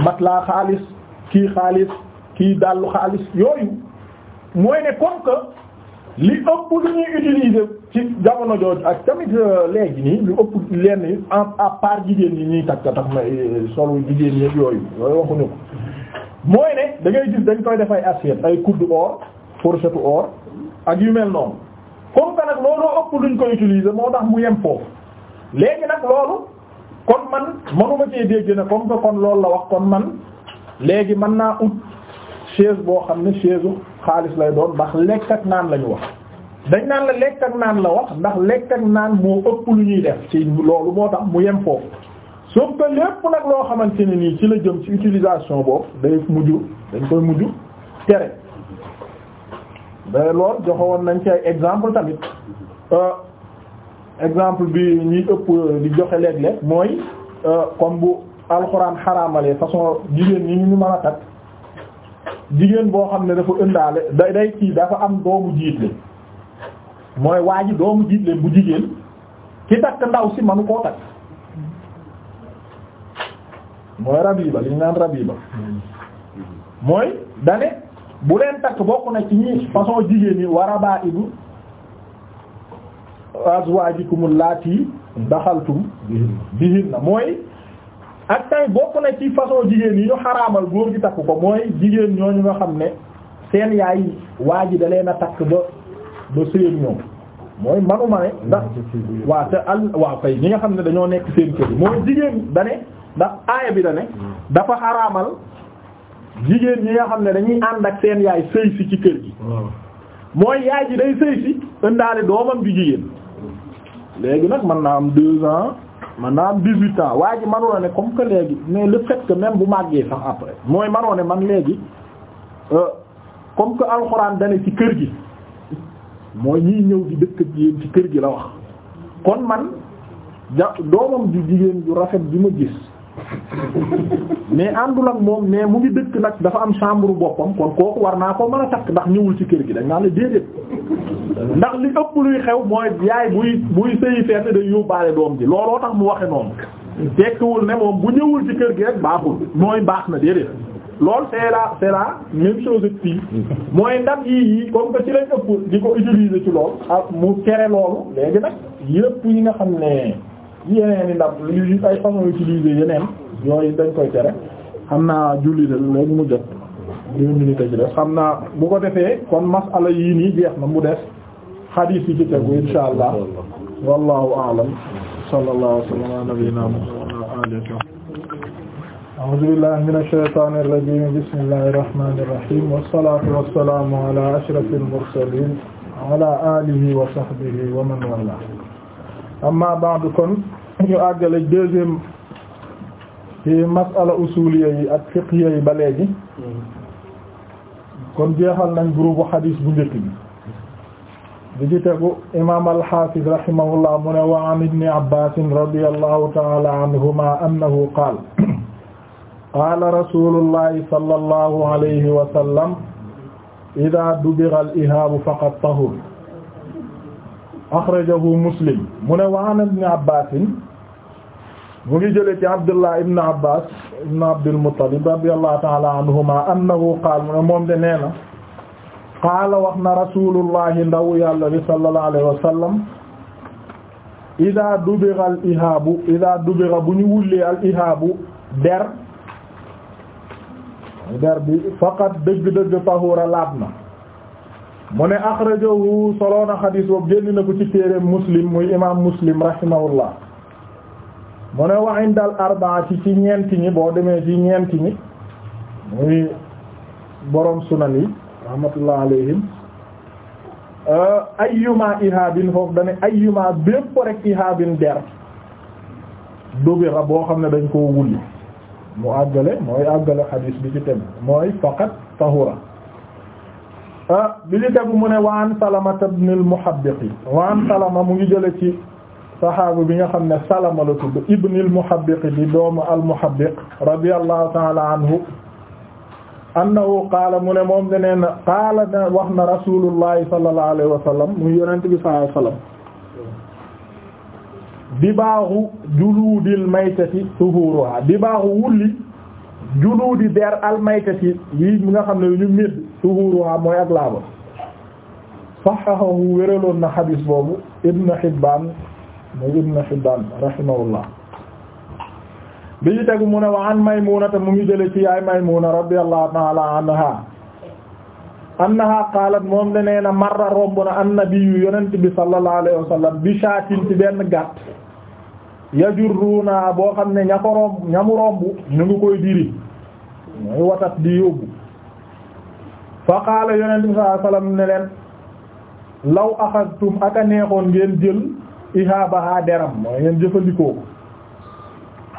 matelas xaalis kii xaalis kii dàllu xaalis yooyu mooy ne comme li ëpp lu ñuy utiliser ci jamono jooju ak tamit euh, léegi nii lu ëpp lenn à part jigéen ñi ñuy takk tax may euh, solu jigéen ñi yooyu yooyu waxuñu ko mooy ne da ngay gis dañ koy def ay assiette ay kuddu or fourchette or ak yu mel noonu comme que nag looloo ëpp luñ koy utiliser moo tax mu yempoo léegi nag loolu kon man manuma cee dégg na comme que kon loolu la wax kon man léegi mën naa ut chaise boo xam ne chaise xaalis lay doon ndax lekk ak naan lañu ñu wax dañ naan la lekk ak naan la wax ndax lekk ak naan moo ëpp lu ñuy def ci loolu moo tax mu yem sauf que lépp nag loo xamante ne nii ci la jëm ci utilisation boobu day mujj dañ koy mujj tere day lool joxewoon nañ ci ay exemple tamit euh, exemple bi ñuy ëpp di joxe léeg-léeg mooy euh, comme bu alxuraan xaraamalee façon jigéen ñi ñu mën a takk jigéen boo xam ne dafa ëndaale day day kii dafa am doomu jiitle mooy waa ji doomu jiitle bu jigéen ki takk ndaw si manu koo takk mooy rabiba li ñu naan rabiba mooy dane bu leen takk bokk na ci ñi façon jigéen ñi war a baa ibu azwaajikumul laati daxaltum bihinna mooy ak tay bokk na ci façon jigéen yi ñu xaraamal góor takk ko mooy jigéen ñooñu nga xam ne sen yaay waa ji da a takk ba ba sëyeeg mooy manuma ne ndax waa te al waa fay ñi nga xam ne dañoo nekk seen kër mooy jigéen dane ndax aaya bi da dafa xaraamal jigéen ñi nga xam ne dañuy ànd ak seen yaay sëy si ci kër gi mooy yaay ji day sëy si ëndaale doomam bi jigéen léegi nag mën naa am deux ans mën naa am dix-huit ans waa ji mënoo ne comme que léegi mais le fait que même bu màggee sax après mooy mënoo ne man léegi euh, comme que alxuraan dane ci kër gi mooy ñiy ñëw di dëkk ak ci kër gi la wax kon man ja doomam ju jigéen rafet bi ma gis mais àndul ak moom mais mu ngi dëkk nag dafa am chambre boppam kon kooku war naa ko mën a takk ndax ñëwul ci kër gi dañ naa la déedéet ndax li ëpp luy xew mooy yaay buy buy sëyi feete day yóbbaale doom ji looloo tax mu waxe noonu tekkiwul ne moom bu ñëwul ci kër gi rek baaxul mooy baax na déedéet lool c'est la c'est la même fii mooy ndab yi yi comme que ci lañ ëpp di ko utiliser ci lool ak ah mu tere loolu léegi nag yëpp yi nga xam ne yeneen i ndab li ay façon utiliser yeneen yooyu dañ koy tere xam naa julli la léegi mu jot deux minutes a ci xam naa bu ko defee kon masala yi nii jeex na mu des xadiis yi ci tegu insha allah wallahu a'lam sallallahu alayhi wa sallam ala nabiyyina wa ala alihi bismillahi rahmaani rahiim wassalaatu amma ba'du kon ñu àggale deuxième ci masala usuliya yi ak fiqhiya yi ba léegi kon jeexal nañ groupe xadiis bu njëkk bi bi ci tegu imaam al-Hafiz rahimahullah mu ne wa an ibni Abbas radiyallahu ta'ala anhuma annahu qaala qaala rasulullahi sallallahu alayhi wa sallam idaa dubira al-ihaabu faqad tahur axrajahu muslim mu ne wa an ibn Abbaas mu ngi jëlee ci Abdullah ibn Abbaas ibn Abdul Muttalib radiyallahu ta'ala anhuma annahu qaala mu ne moom de nee na qaala wax na rasulullahi ndaw yàlla bi sallallahu alayhi wa sallam ida dubira al ihaabu ida dubira bu ñu wullee al ihaabu der der bi faqat dëgg-dëgg tahura laab na mu ne axrajahu soloona xadiis boobu génn na ko ci téereem muslim muy imaam muslim rahimahullah mu ne wa inda al arbaati ci ñeenti ñi boo demee ci ñeenti ñi muy borom sunan yi rahmatullah alayhim euh, ayyuma ihaabin foofu dane ayyuma bépp rek ihaabin der dubira boo xam ne dañ koo wulli mu àggale mooy àggale xadiis bi ci tem mooy faqat tahura Ah, bi li tegu mu ne waan salama ibn al-Muhabbiqi waan salama mu ngi jële ci saxaabu bi nga xam ne salama la tudd ibn al-Muhabbiqi di doomu al-Muhabbiq radiyallahu ta'ala anhu annahu qaala mu ne moom danee na qaala na wax na rasulullahi sallallahu alayhi wa sallam mu yonent bi sallallahu alayhi wa sallam dibaaxu juluudil maytati tuhuruha dibaaxu wulli juluudi der al maytati yi nga xam ne yu ñu medd tuhuruha mooy ak laaba sahahahu wéraloon na xadis boobu Ibn Hibban mooy Ibn Hibban rahimahullah bi ñu tegu mu ne wa an Maymuna te mu ngi jële ci yaay Maymuna radiyallahu ta'ala anha annaha qaalat moom de nee marra romb na annabiyu yonent bi sallallahu alayhi wa bi shaatin ci benn gàtt yajurruuna boo xam ne ña ko romb ña mu romb ñu koy diri ñooy watat di yóbbu fa qaala yonent bi sallallahu alayhi wasallam ne leen law axadtum ak a neexoon ngeen jël ihaabaha deram mooy ngeen jëfandikoo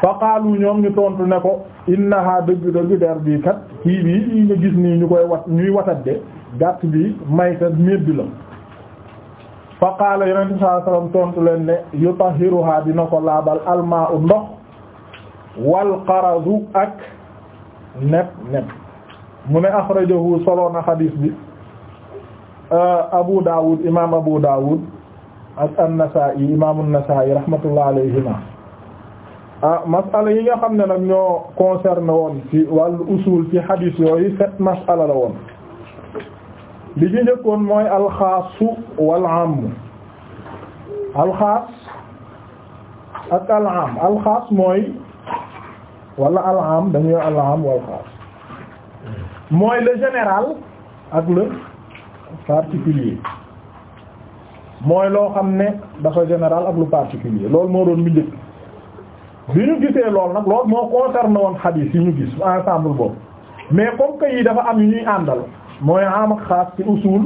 ko fa ñoom ñu tontu ne ko innaha dëgg dëgg der bii kat kii bii nga gis nii ñu koy wat ñuy watat de gàtt bi mayta méddi la fa qaala yonent bi tontu leen ne yutahiruha dina ko laabal almaa u ndox wal qarazu ak nepp nepp mu ne axrajahu solo na xadiis bi euh, Abu Dawud imaam Abu Dawud ak an-Nasaa'i imaam an-Nasaa'i ah masala yi nga xam ne nag ñoo concerné woon ci wàllu usul ci xadiis yooyu sept masala la woon li ci njëkkoon mooy alxaasu wal aam alxaas ak al aam alxaas mooy wala al dañuy al aam wal mooy le général ak le particulier mooy loo xam ne dafa général ak lu particulier lool moo doon lu njëkk bi ñu gisee loolu nag loolu moo concerne woon hadith yi ñu gis ensemble boobu mais comme que yi dafa am yu ñuy àndal mooy am ak xaas ci usul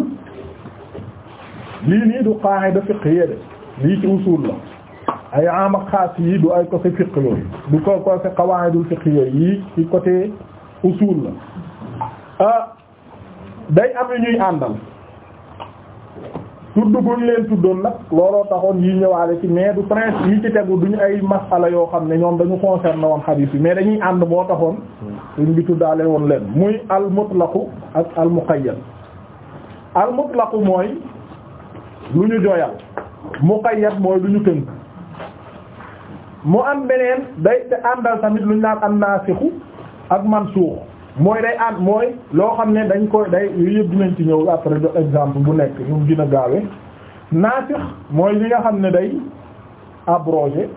lii nii du qaa'ida fiqhiyya de lii ci usul la ay am ak xaas yi du ay côté fiqh yooyu du ko côté qawaa'idul fiqhiyya yi ci côté usul la Ah, day am yu ñuy àndal tudd buñ leen tuddoon nag looloo taxoon yi ñëwaale ci mais du prince yi ci tegu duñu ay masala yoo xam ne ñoom dañu concerné woon xadiis yi mais dañuy ànd moo taxoon luñ woon leen muy al mutlaqu ak al muqayyad al mutlaqu mooy lu ñu joyal muqayyad mooy lu ñu tënk mu am beneen day àndal tamit lu ñu naan an naasixu ak mansuux mooy day ànd mooy loo xam ne dañ koy day yooyu yëpp dinañ ci ñëw après jox exemple bu nekk ñu gën a gaawe naasix mooy li nga xam ne day abrogé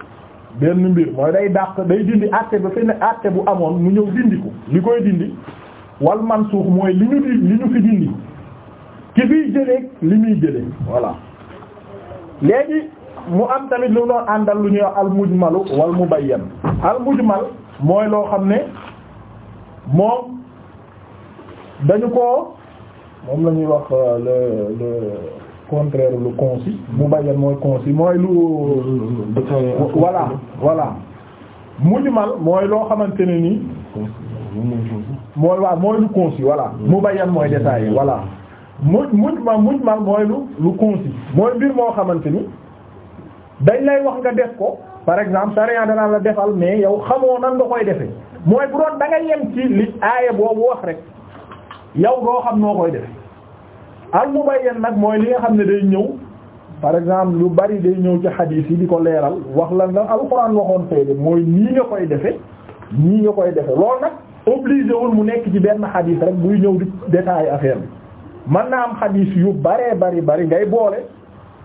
benn mbir mooy day dàq day dindi àtte ba fi ne àtte bu amoon mu ñëw dindi ko li koy dindi wal mansuux mooy li ñu di li ñu fi dindi ki fiy jëlee li muy jëlee voilà léegi mu am tamit lu doon àndal lu ñuy wax al mujmalu wal mubayyan al mal mooy loo xam ne. moom dañu ko moom la ñuy wax euh, le le contraire lu concis mu bayan mooy concis mooy lu voilà voilà mujmal mooy loo xamante ne nii mooy waaw mooy lu concis voilà mu bayan mooy détaillé voilà mu mujmal mujmal mooy lu lu concis mooy mbir moo xamante ni dañ lay wax nga def ko par exemple sariya danaa la defal mais yow xamoo nan nga koy defee mooy bu doon da nga yem ci li aaya boobu wax rek yow doo xam noo koy mu al mubayyan nag mooy li nga xam ne day ñëw par exemple lu bari day ñëw ci xadiis yi di ko leeral wax la nga alxuraan waxoon fayde mooy nii nga koy defe nii nga koy defe loolu nag obligé wul mu nekk ci benn xadiis rek buy ñëw di détail affaire bi mën naa am xadiis yu baree bari bari ngay boole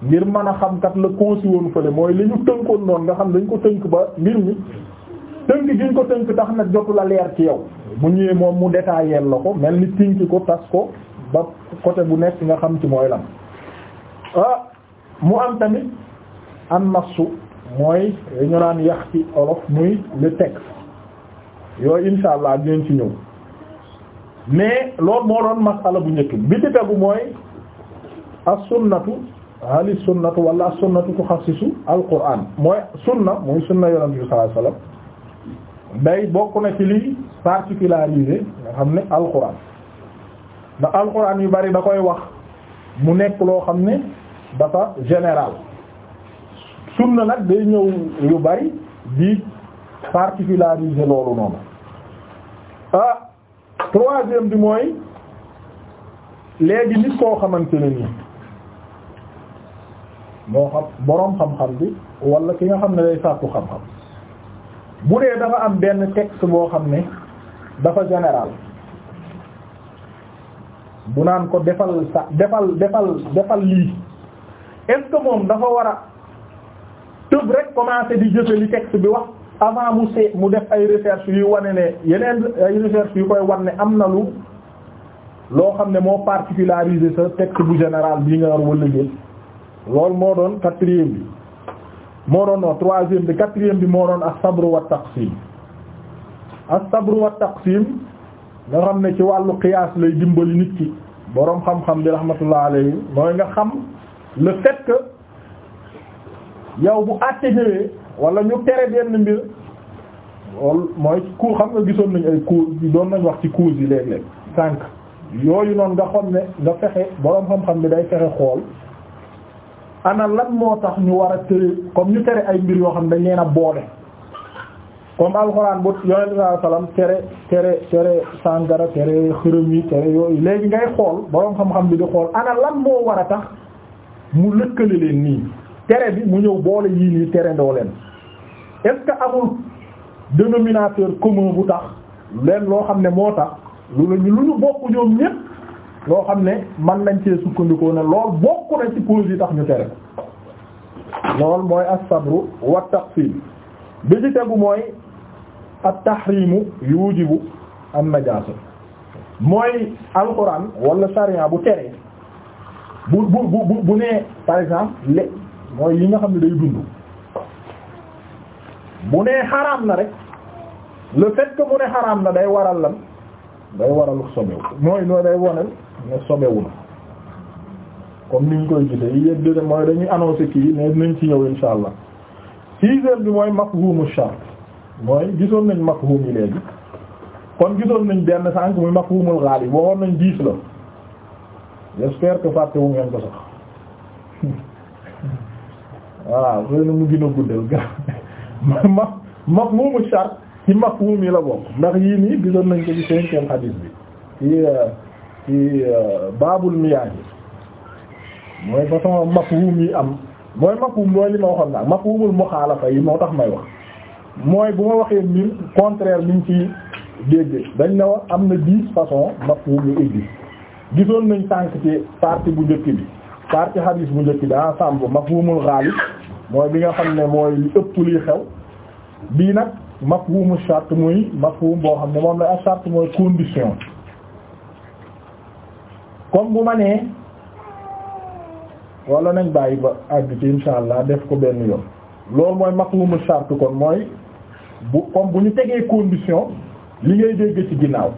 ngir mën a xam kat la consi woon fële mooy li ñu tënkoon noonu nga xam dañ ko tënk ba mbir mi tënk gi ñu ko tënk tax nag jotu la leer ci yow bu ñëwee moom mu détaillé la ko mel ni tinki ko tas ko ba côté bu nekk nga xam ci mooy lan ah mu am tamit an nassu mooy ñu naan yax ci olof muy le texte yooyu insha allah dinañ ci ñëw mais loolu moo doon masala bu njëkk bi ci tegu mooy a sunnatu hal as-sunnatu wala as-sunnatu tuxassisu al-qur'an mooy sunna mooy sunna yonent bi sallallahu alayhi wasallam day bokk na ci lii particularisé nga xam ne alxuraan ndax alxuraan yu bari da koy wax mu nekk loo xam ne dafa général sunna nag day ñëw yu bari di particularisé loolu noonu ah troisième bi mooy léegi nit koo xamante ne nii moo xam boroom xam-xam bi wala ki nga xam ne day sàkku xam-xam bu dee dafa am benn text boo xam ne dafa général bu naan ko defal sa defal defal defal lii est-ce moom dafa war a tëb rek commencer di jëfe li texte bi wax avant mu see mu def ay recherche yu wane ne yeneen ay recherche yu koy wan ne am na lu loo xam ne moo particulariser sa texte bu général bii nga war wala déet loolu moo doon quatrième bi moo doon non troisième bi quatrième bi moo doon as-sabru wa taqsim as-sabru wa nga xam ne ci wàllu qiyaas lay dimbali nit ki boroom xam-xam bi rahmatullah alayhi mooy nga xam le fait yow bu àtte ñëwee wala ñu tere benn mbir loolu mooy ku xam nga gisoon nañ ay cause doon nañ wax ci cause yi léeg-léeg sànq yooyu noonu nga xam ne nga fexe boroom xam-xam bi day fexe xool. ana lan moo tax ñu war a tere comme ñu tere ay mbir yoo xam dañ leen a boole comme alxuraan bu yonent bi sallallahu alayhi tere tere tere sàngara tere xërëm yi tere yooyu léegi ngay xool boroom xam-xam bi di xool ana lan moo war a tax mu lëkkale leen nii tere bi mu ñëw boole yii nii tere ndoo leen est-ce que amul dénominateur commun bu tax leen loo xam ne moo tax lu la lu ñu bokk ñoom ñépp loo xam ne man nañ cee sukkandikoo na lool bokk na ci cause yi tax ñu tere lool mooy as-sabru wa taqsil bi ci tegu mooy at-tahrimu yujibu an-najasa mooy alquran wala sharia bu tere bu bu bu bu nee par exemple le mooy yi nga xam ne day dund bu nee xaraam na rek le fait que mu ne xaraam na day waral lan day waral sobew mooy noo day wonal ne sobewul comme niñ koy gise yi yëpp dina mooy dañuy annoncé kii ne nañ ci yow insha allah sixième bi mooy mafhumu shart mooy gisoon nañ mafhum yi léegi kon gisoon nañ benn sànq muy mafhumul ghalib waxoon nañ dix la j'espère que fàtte wu ngeen ko sax voilà xëy na mu gën a guddal ga ma mafhumu ci mafhum yi la bokk ndax yii nii gisoon nañ ko ci cinquième hadith bi ci ci euh, baabul miyaah yi mooy façon mafhum yi am mooy mafhum mooy li ma waxoon nag mafhumul muxaalafa yi moo tax may wax mooy bu ma waxee mbir contraire liñ ci dégg dañ ne wax am na dix façons mafhum yu indi gisoon nañ tànk ci partie bu njëkk bi partie hadis bu njëkk bi ensemble mafhumul ghalib mooy bi nga xam ne mooy ëpp liy xew bii nag mafhumu shart muy mafhum boo xam ne moom la ak shart mooy condition comme bu ma nee wala nañ bàyyi ba àgg ci insha allah def ko benn yoon loolu mooy maqlumu shart kon mooy bu comme bu ñu tegee condition li ngay dégg ci ginnaaw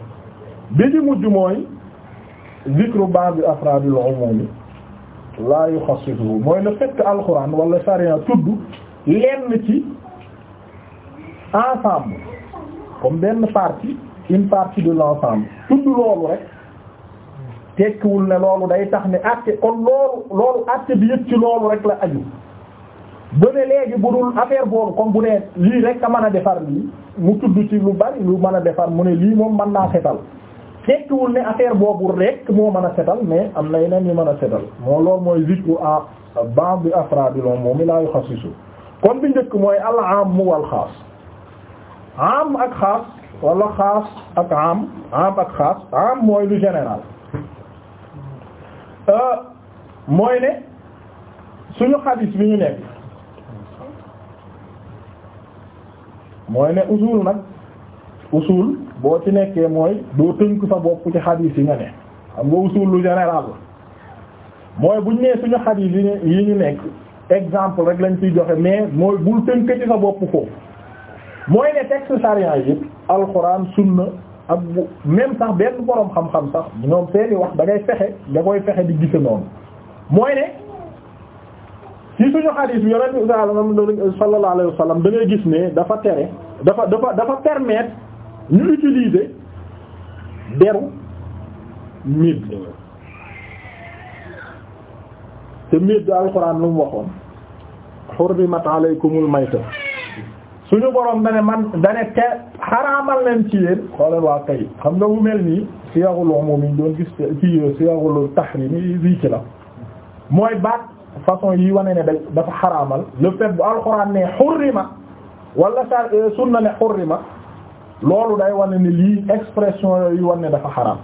bi di mujj mooy zikru ba'd afraadil umumi la yuxassisu mooy le fait que alxuraan wala sharia tudd lenn ci ensemble comme benn partie une partie de l'ensemble tudd loolu rek tekkiwul ne loolu day tax ne acte kon loolu loolu acte bi yëpp ci loolu rek la aju ba ne léegi bu dul affaire boobu comme bu ne lii rek a mën a defar lii mu tudd ci lu bari lu mën a defar mu ne lii moom mën naa setal tekkiwul ne affaire boobu rek moo mën a setal mais am na yeneen yu mën a setal moo loolu mooy zikru a ban bi moom i laa xasisu kon bi njëkk mooy al am wal xaas am ak xaas wala xaas ak am ak xaas am mooy lu général Euh, mooy ne suñu xadis bi ñu nekk mooy ne usul nag usul boo ci nekkee mooy doo tënk sa bopp ci xadis yi nga ne xam nga usul lu général la mooy buñ nee suñu xadis yi ñu yi ñu nekk exemple rek lañ ciy joxe mais mooy bul tënk ci sa bopp foofu mooy ne texte charia yi alxuraan sunna ak bu sax benn borom xam-xam sax ñoom seeni wax da ngay fexe da koy fexe di gise noonu mooy ne ci suñu xadiis bi yonent bi sallallahu alayhi wa sallam gis ne dafa tere dafa dafa dafa permettre ñu utiliser deru médd te médd alxuraan lu mu waxoon xurrimat alaykumul mayta suñu borom dane man dane te xaraamal leen ci yéen xoolal waa tey xam nga mu mel nii siyaxul umum yi doon gis ci siyaxul tahrim yi ci la mooy baat façon yi wane ne dafa xaraamal le fait bu alxuraan ne xurrima wala sa euh, sunna ne xurrima loolu day wane ne lii expression yooyu wane ne dafa xaraam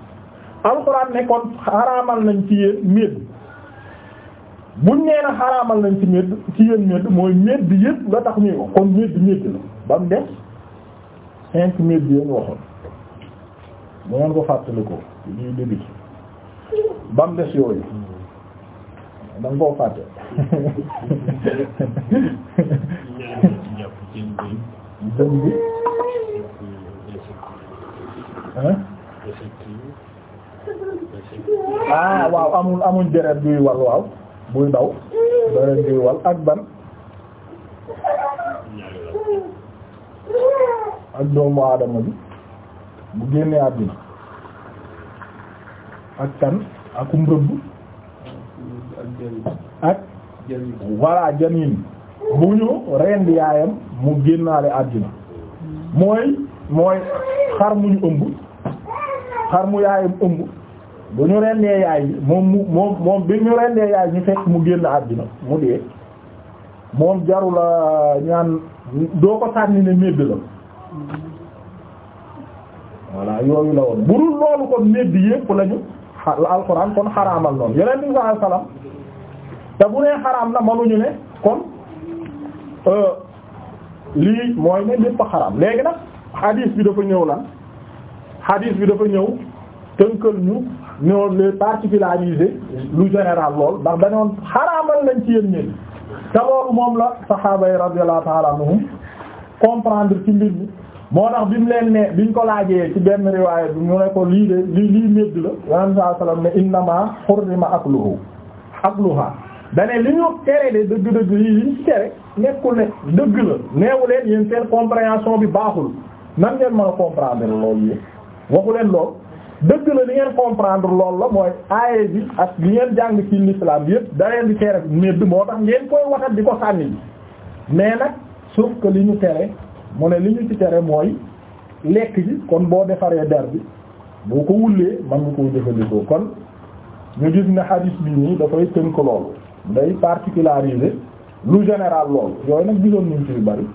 alxuraan ne kon xaraamal nañ ci yéen miin buñ nee na xaraamal nañ ci medd ci yéen medd mooy medd yëpp la tax ñuy wax kon medd medd la ba mu des cinq medd yéen waxoon mu ngeen ko fàttalikoo ñuy début ba mu des yooyu da nga koo fàtte jëm bi ah waaw amul amuñ deret buy war waaw buy daw da leen wal ak ban ak doomu aadama bi bu génnee àddina ak tan akum rëbb ak voilà janin bu ñu rend yaayam mu génnaale àddina mooy mooy xar mu ñu ëmb xar mu yaayam ëmb bu ñu rendee yaay moom mu moom moom bi ñu rendee yaay ñu fekk mu génn àddina mu dee moom jarula ñaan doo ko sànni ne medd la voilà yooyu la woon bu dul loolu kon medd yépp lañu la alxuraan kon xaraamal noonu yeneen bi sallallahu alayhi wasallam te bu nee xaraam na manuñu ne kon euh, lii mooy ne lépp xaraam léegi nag xadiis bi dafa ñëw la xadiis bi dafa ñëw tënkal ñu ñoo les particularisé lu général lool ndax dañoon xaraamal lañ ci yéen ñeen te moom la saxaaba yi radiyallahu ta'ala anhum comprendre ci mbir mi moo tax bi mu leen ne biñ ko laajee ci benn riwaaya bi mu ne ko lii de lii lii médd la yonent sallallahu alayhi wasallam ne innama hurrima akluhu akluha dane li ñu tere de dëgg-dëgg yi liñ ci tere nekkul ne dëgg la neewu leen yéen seen compréhension bi baaxul nan ngeen mën a comprendre loolu yi waxu leen lool dëgg na li ngeen comprendre loolu la mooy aaye bi ak li ngeen jàng ci l'islam yëpp da ngeen di tere medd moo tax ngeen koy watat di ko sànni bi mais nag sauf que li ñu tere mu ne li ñu ci tere mooy lekk ji kon boo defaree der bi boo ko wullee man nga koy jëfandikoo kon ñu gis ne hadis bi nii dafay tënk loolu day particulariser lu général loolu yooyu nag gisoon nañ ci yu bari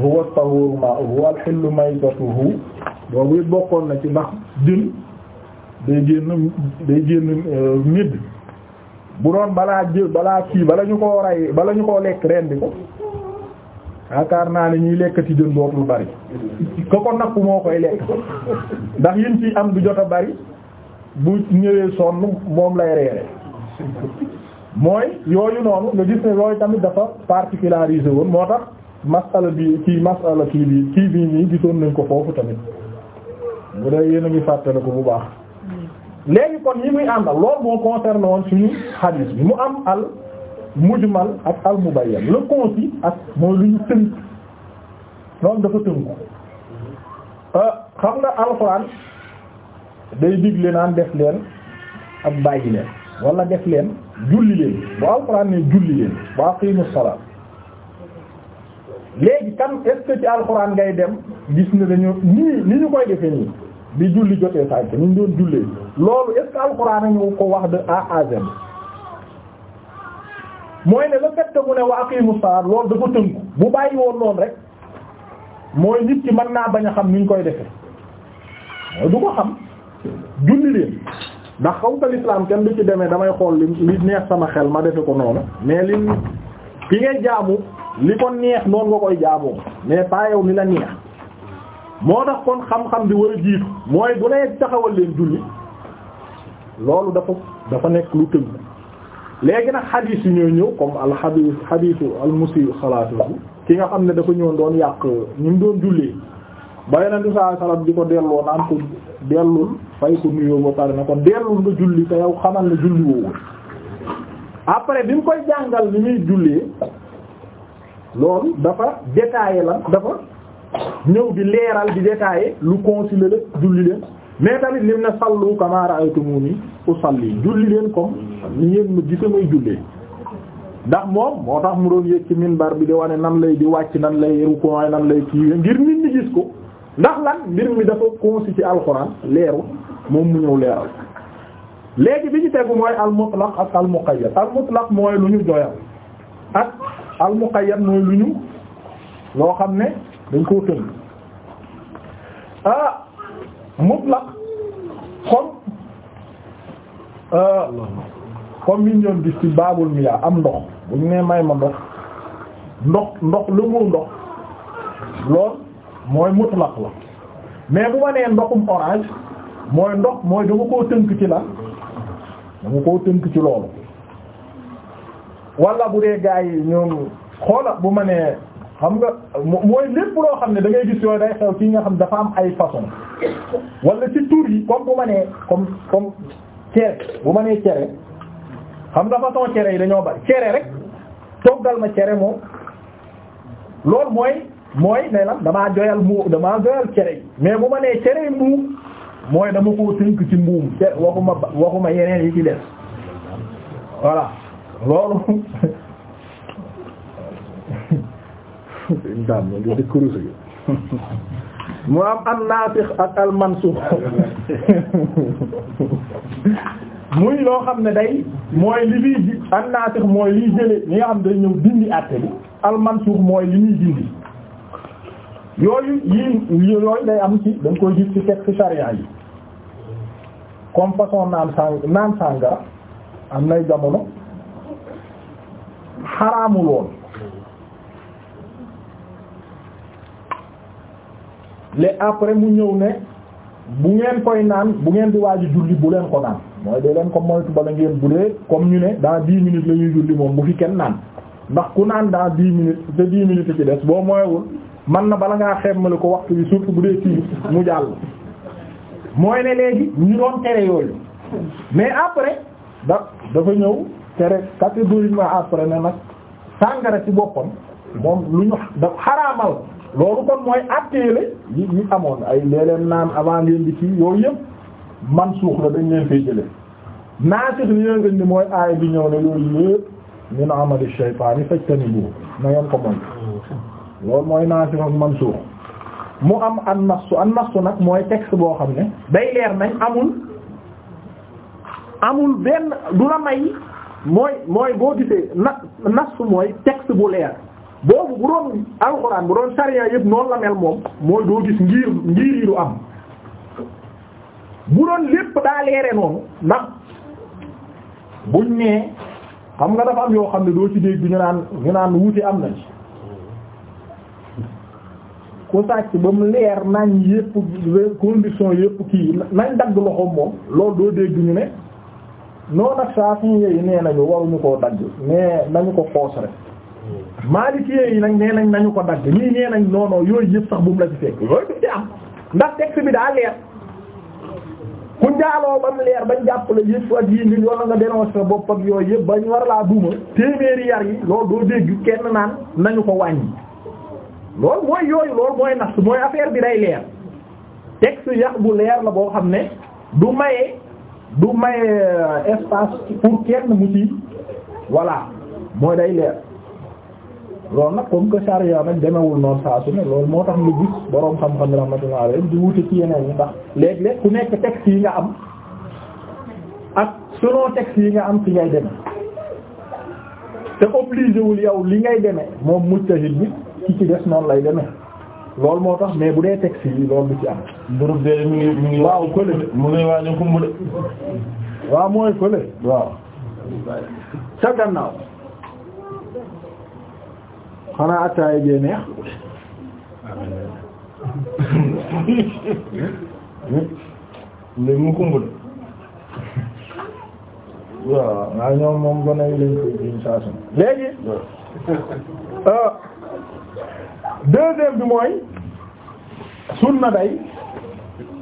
huwa at-tahuru ma'uhu wal hillu maytatuhu boobu it bokkoon na ci ndax jën day génn day génn euh, midd bu doon balaa jë balaa kii bala ñu koo rey bala ñu koo lekk rendi ko naa ne ñuy lekkati jën dootul bari ko ko napp moo koy lekk ndax yim ci am du jot a bari bu ñëwee sonn moom lay reere mooy yooyu noonu nga gis ne yooyu tamit dafa particularisé woon moo tax masala bi kii masala kii bi kii bi nii gisoon nañ ko foofu tamit bu dee yéen a ngi fàttale ko bu baax léegi kon yi muy àndal loolu moo concerne woon suñu hadith bi mu am al mujmal ak al mubayyan la concis ak mooy lu ñu tënk loolu dafa tënk euh, xam nga alxuraan day digle naan def leen ak bàyyi leen wala def leen julli leen bu alxuraan ne julli leen bu aqimu salaat léegi kan est ci alxuraan ngay dem gis ne dañu nii ni ñu koy defee nii bi julli jotee sànk ni ñu doon jullee loolu est alxuraan nañu ko wax de A à Z mooy ne la fait mu ne wa mu salaat loolu dafa tënku bu bàyyi woon noonu rek mooy nit ki mën naa bañ a xam ni koy defee mooy du ko xam julli leen ndax xaw ka l'islam kenn du ci demee damay xool li neex sama xel ma defe ko noonu mais li ki ngay jaamu li ko neex noonu nga koy jaamoo mais pas yow ni la neex moo tax kon xam-xam bi war a jiitu mooy bu nee taxawal leen julli loolu dafa dafa nekk lu tënk léegi nag xadiis yi ñooy ñëw comme al xadiis xadiisu al musi salaatuhu ki nga xam ne dafa ñëw doon yàq ñu ngi doon jullee ba na di saa salam di ko delloo naan ko dellul fay ko nuyoo ba pare na kon dellul nga julli te yow xamal ne julli woowu après bi mu koy jàngal ni muy jullee loolu dafa détaillé la dafa ñëw di leeral di détaillé lu concilier la julli leen mais tamit lim na sallu kama ra'aytumuni usalli julli leen comme ni ngeen ma gise may jullee ndax moom moo tax mu doon yëg ci minbar bi di wane nan lay di wàcc nan lay rukoy nan lay kii ngir nit ñi gis ko ndax lan mbir mi dafa consi ci alxuraan leeru moom mu ñëw leeral léegi bi ñu tegu mooy al mutlaq ak al muqayyad mooy lu ñu doyal ak al muqayyad mooy lu ñu loo xam ne dañ koo tënk ah mutlaq euh, comme comme li ñu doon gis ci baabul miyaa am ndox bu ñu nee may ma ndox ndox ndox lu mu ndox lool mooy mutlaq la mais bu ma nee ndoxum orange mooy ndox mooy dama koo tënk ci la dama koo tënk ci loolu. wala bu dee gaa yi ñoom xoola bu ma nee xam nga mooy lépp loo xam ne da ngay gis yooyu day xew ci nga xam dafa am ay façon wala ci tur yi comme bu ma nee comme comme bu ma nee cere xam nga façon cere yi dañoo bari cere rek toggal ma cere moom loolu mooy mooy ne la damaa joyal mu damaa joyal cere yi mais bu ma nee cere yi mbuum mooy dama koo tënk ci mbuum waxuma waxuma yeneen yi ci loolu mu am an ak al muy loo xam ne day mooy li liy ji an naasix mooy liy jële li nga day ñëw dindi àtte bi al mooy li ñuy dindi yooyu yii yooyu day am ci dañ koy gis ci texte charia yi comme façon naan sang naan sàngara am nay jamono xaraamul woon les après mu ñëw ne bu ngeen koy naan bu ngeen di waaju julli bu leen ko naan mooy dee leen ko moytu bala ngeen bu dee comme ñu ne dans dix minutes la ñuy julli moom bu fi kenn naan ndax ku naan dans dix minutes te dix minutes ci des boo moywul man na bala ngaa xemmali ko waxtu bi surtout bu dee ci mu jàll mooy ne léegi ñu doon tere yooyu mais après da dafa ñëw tere catégoriquement après ne nag sàngara ci boppam moom lu ñu daf xaraamal loolu kon mooy atteele yi yi amoon ay leeleen naan avant ngeen di kii yooyu yëpp man suux la dañ leen fay jëlee naasix li leen indi mooy aay bi ñëw ne yooyu yëpp min amali shaytaani fajtanibu na ngeen ko moy loolu mooy naasix ak man suux mu am an nastu an nastu nag mooy texte boo xam ne day leer nañ amul amul benn du la may mooy mooy boo gisee na nas mooy texte bu leer boobu bu doon alxuraan bu doon sariya yëpp noonu la mel moom mooy doo gis ngir ngir am bu doon lépp daa leere noonu ndax buñ nee xam nga dafa am yoo xam ne doo ci dégg bi ñu naan ñu naan wuute am na ci ku sàcc ba mu leer nañ yëpp condition yëpp kii nañ dagg loxoom moom loolu doo dégg ñu ne noonu ak Shafi'i yi nee nañu waruñu koo dagg mais nañu ko xoos rek Maliki yi nag nee nañ nañu ko dagg ñii nee nañ noono yooyu yëpp sax bu mu la ci fekk yooyu du ndax texte bi daa leer ku njaaloo ba mu leer bañ jàppale yëpp ak yi ngi yoon nga dénoncé sa bopp ak yooyu yëpp ba bañ war laa duuma téeméeri yar yi loolu doo dégg kenn naan nañu ko wàññi lool mooy yooyu loolu mooy nax mooy affaire bi day leer texte yax bu leer la boo xam ne du maye du may euh, espace pour kenn mu ci voilà mooy day leer loolu nag comme que charia nag demewul noon saa su ne loolu moo tax ñu gis boroom xam-xam ne rahmatullah alayhi di wute ci yeneen yi ndax léeg-léeg ku nekk texte yi nga am ak selon texte yi nga am ci ngay deme te obligé wul yow li ngay deme moom mujtahid bi ci ci des noonu lay deme loolu moo tax mais bu dee texte yi loolu du ci am. groupe de mi ngi mi ngi. waaw kële mu ngi waaj a kumb de. waaw mooy kële waaw. ca gannaaw. xanaa attaaya jee neex. léegi mu kumb de. waaw ñoom moom ba nay lañ koy léegi. deuxième bi mooy sunna day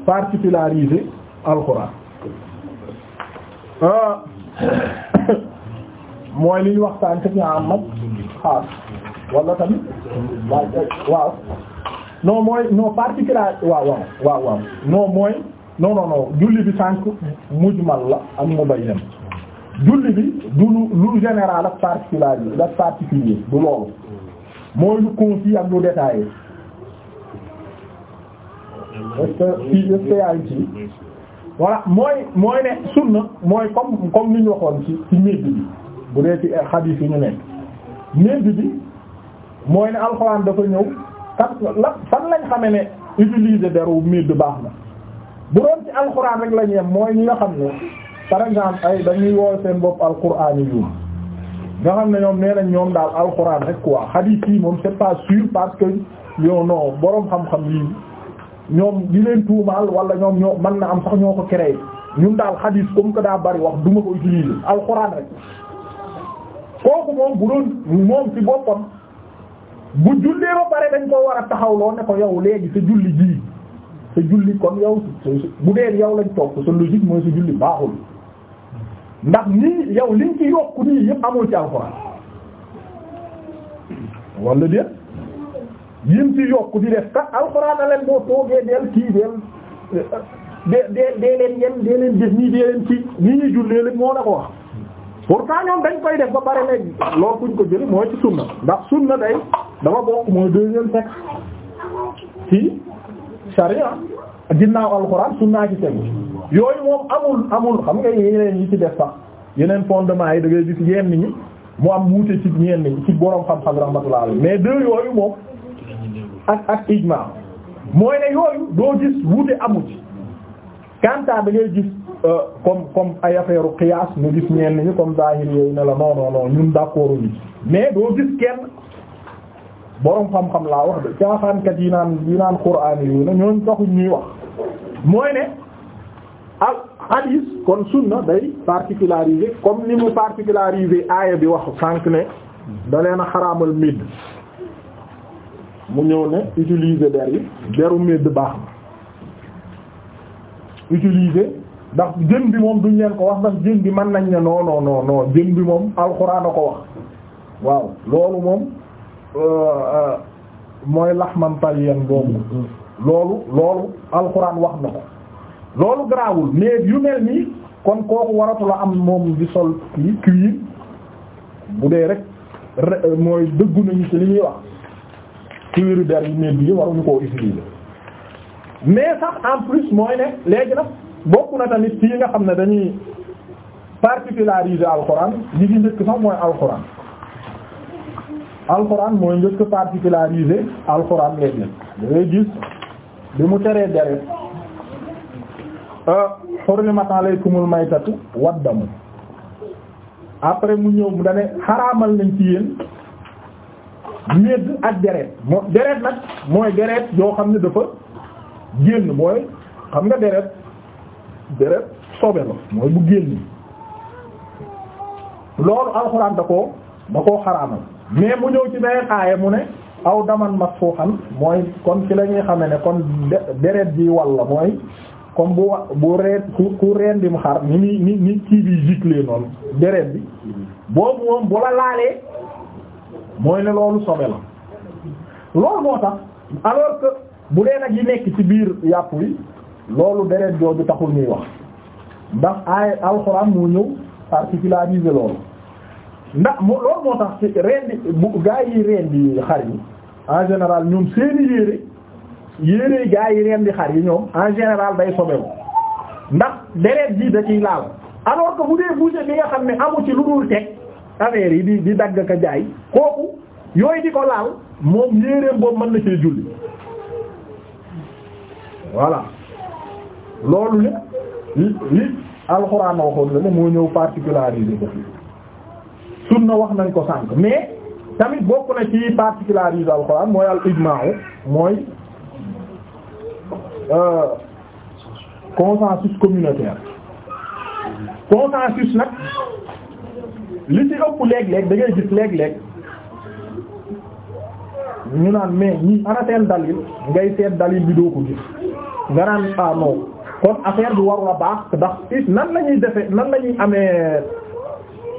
particulariser alxuraan ah. mooy li ñu waxtaan ci ñaar mag xaas wala tamit waaw non mooy non particulier waaw waaw waaw waaw non mooy non non non julli bi sànq mujmal la ak mubayyan julli bi du lu lu général ak particulier ak particulier du loolu mooy lu concis ak lu détaillé est-ce mooy mooy ne sunna mooy comme comme ni ñu waxoon ci ci médd bi bu dee xadiis yi ñu ne médd bi mooy ne alxuraan dafa ñëw kat lañ xam ne utiliser deru médd baax na bu doon ci alxuraan rek la ñu mooy ñi nga xam ne par exemple ay dañuy woowe seen bopp alxuraan yi nga xam ne ñoom nee nañ ñoom daal alxuraan rek quoi xadiis yi moom c'est pas sûr parce que yow boroom xam-xam yi ñoom di leen tuumaal wala ñoom ñoo man na am sax ñoo ko créé ñun daal xadiis comme que daa bari wax duma ko utiliser alxuraan rek kooku moom bu doon moom ci boppam bu jullee ba pare dañ ko war a taxawloo ne ko yow léegi sa julli ji sa kon yow bu dee yow lañ topp sa mooy sa julli baaxul ndax nii yow liñ ci yokk nii yëpp amul ci alxuraan wala déet yim ci yokk di def kat alxuraan a leen boo toogee del kii del de de dee leen yem dee leen def nii dee leen kii nii ñuy jullee lépp moo la ko wax pourtant ñoom dañ koy def ba pare ne loolu kuñ ko jëli mooy ci sunna ndax sunna day dafa bokk mooy deuxième texte ci charia ginnaaw alxuraan sunnaa ci tegu yooyu moom amul amul xam nga yeneen yi ci def sax yeneen fondement yi da ngay gis yenn ñi mu am wuute ci ñenn ñi ci borom xam-xam rahmatullah alayhi mais deux yooyu moom ak ak ijmaa mooy ne yooyu doo gis wuute amu ci kanta da gis euh, comme comme ay affaire u qiyaas ñu gis ñenn ñi comme zahir yooyu ne la non non ñun d'accord ñu mais doo gis kenn borom xam-xam laa wax de caaxaankat yi naan yi naan qur'aan yi na ñoon taxuñ ñuy wax mooy ne al hadis kon sunna day particularisé comme ni mu particularisé aaya bi wax sànq ne da leen xaraamal midd mu ñëw ne utiliser der yi deru midd baax na utiliser ndax jën bi moom duñ leen ko wax ndax jën bi mën nañ ne non bi moom alxuraan ko wax loolu moom euh, euh, mooy loolu loolu alxuraan wax na ko loolu garaawul mais yu mel nii kon kooku waratu la am moom di sol kii cuir bu dee rek euh, mooy dëggu nañu ci li ñuy wax cuir der yu mel nii waruñu koo utiliser mais sax en plus mooy ne léegi nag bokk na tamit ci nga xam ne dañuy particulariser alxuraan li ci njëkk sax mooy alxuraan alxuraan mooy njëkk particularisé alxuraan léegi da gis bi mu teree deret euh, hurrimat alaykumul maytatu waddamu après mu ñëw mu dane xaraamal nañ ci yéen médd ak deret moo deret nag mooy deret yoo xam ne dafa génn mooy xam nga deret deret sobe la mooy bu génn loolu alxuraan da ko da koo xaraamal mais mu ñëw ci beneen aaya mu ne aw daman masfuxan mooy kon ci la ñuy ne kon deret ji walla mooy comme bu wa bu reen ku ku rendim xar ni ni ni ni kii bi giclee noonu deret bi boobu moom bu la laalee mooy ne loolu sobe la loolu moo tax alors que bu dee nag yi nekk ci biir yàpp wi loolu deret jooju taxul ñuy wax ndax ay alxuraan moo ñëw particulariser loolu ndax loolu moo tax ci rendi bu gaa yi rendi xar yi en général ñoom seeni yére yére gaa yi reen di xar yi ñoom en général day sobewu ndax deret bi da ciy laal alors que bu dee boucher bi nga xam ne amu ci lu dul teg affaire yi di di dagg ka jaay kooku yooyu di ko laal moom yéreem boobu mën na cee julli voilà loolu lépp li li alxuraan waxoon la ne moo ñëw particularisé ko fi sunna wax nañ ko sànq mais tamit bokk na ci particularise alxuraan mooy al ijma'u mooy euh, consensus communautaire consensus nag li ci ëpp léeg-léeg da gis léeg-léeg ñu naan mais ñi ana seen dalil ngay seet dalil bi doo ko gis nga naan ah non kon affaire bi waru la baax ndax nan la ñuy defe nan la ñuy amee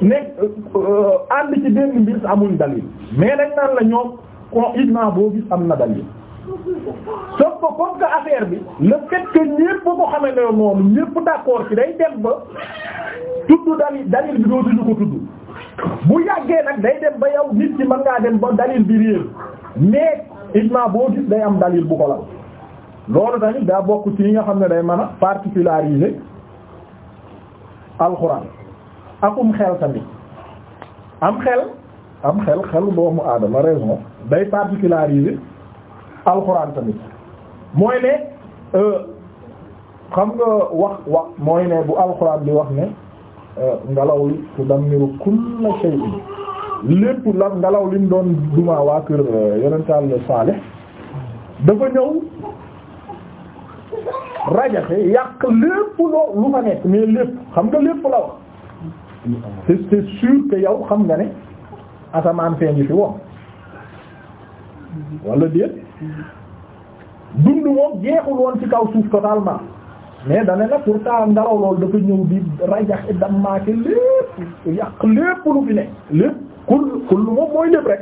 ne euh, ànd ci benn mbir amuñ dalil mais dañ naan la ñoom kon ijmaa boo gis am na dalil sauf que comme que affaire bi le fait que ñépp ba ko xamee ne noonu ñépp d'accord ci day dem ba tudd dalil dalil bi doo tudd ko tudd bu yàggee nag day dem ba yow nit ci mën ngaa dem ba dalil bi réer mais ijmaa boo gis day am dalil bu ko la loolu tamit daa bokk ci yi nga xam ne day man a particulariser alxuraan akum xel tamit am xel am xel xelu doomu aadama raison day particulariser alxuraan tamit mooy ne euh, xam nga wax wax mooy ne bu alxuraan di wax ne euh, ngelaw li tudammiru kulla shay'in lépp la ngelaw li mu doon duma waa kër euh, yonental Salih dafa ñëw rajaxe yàq lépp loo lu fa nekk mais lépp xam nga lépp la wax c'est c'est sûr que yow xam nga ne asamaan fee ngi fi woon wala déet dund moom jeexul woon ci kaw suuf totalement mais dana la pourtant ngelaw loolu dafa ñëw di rajax i dammaake lépp yàq lépp lu fi ne lépp kul kul moom mooy lépp rek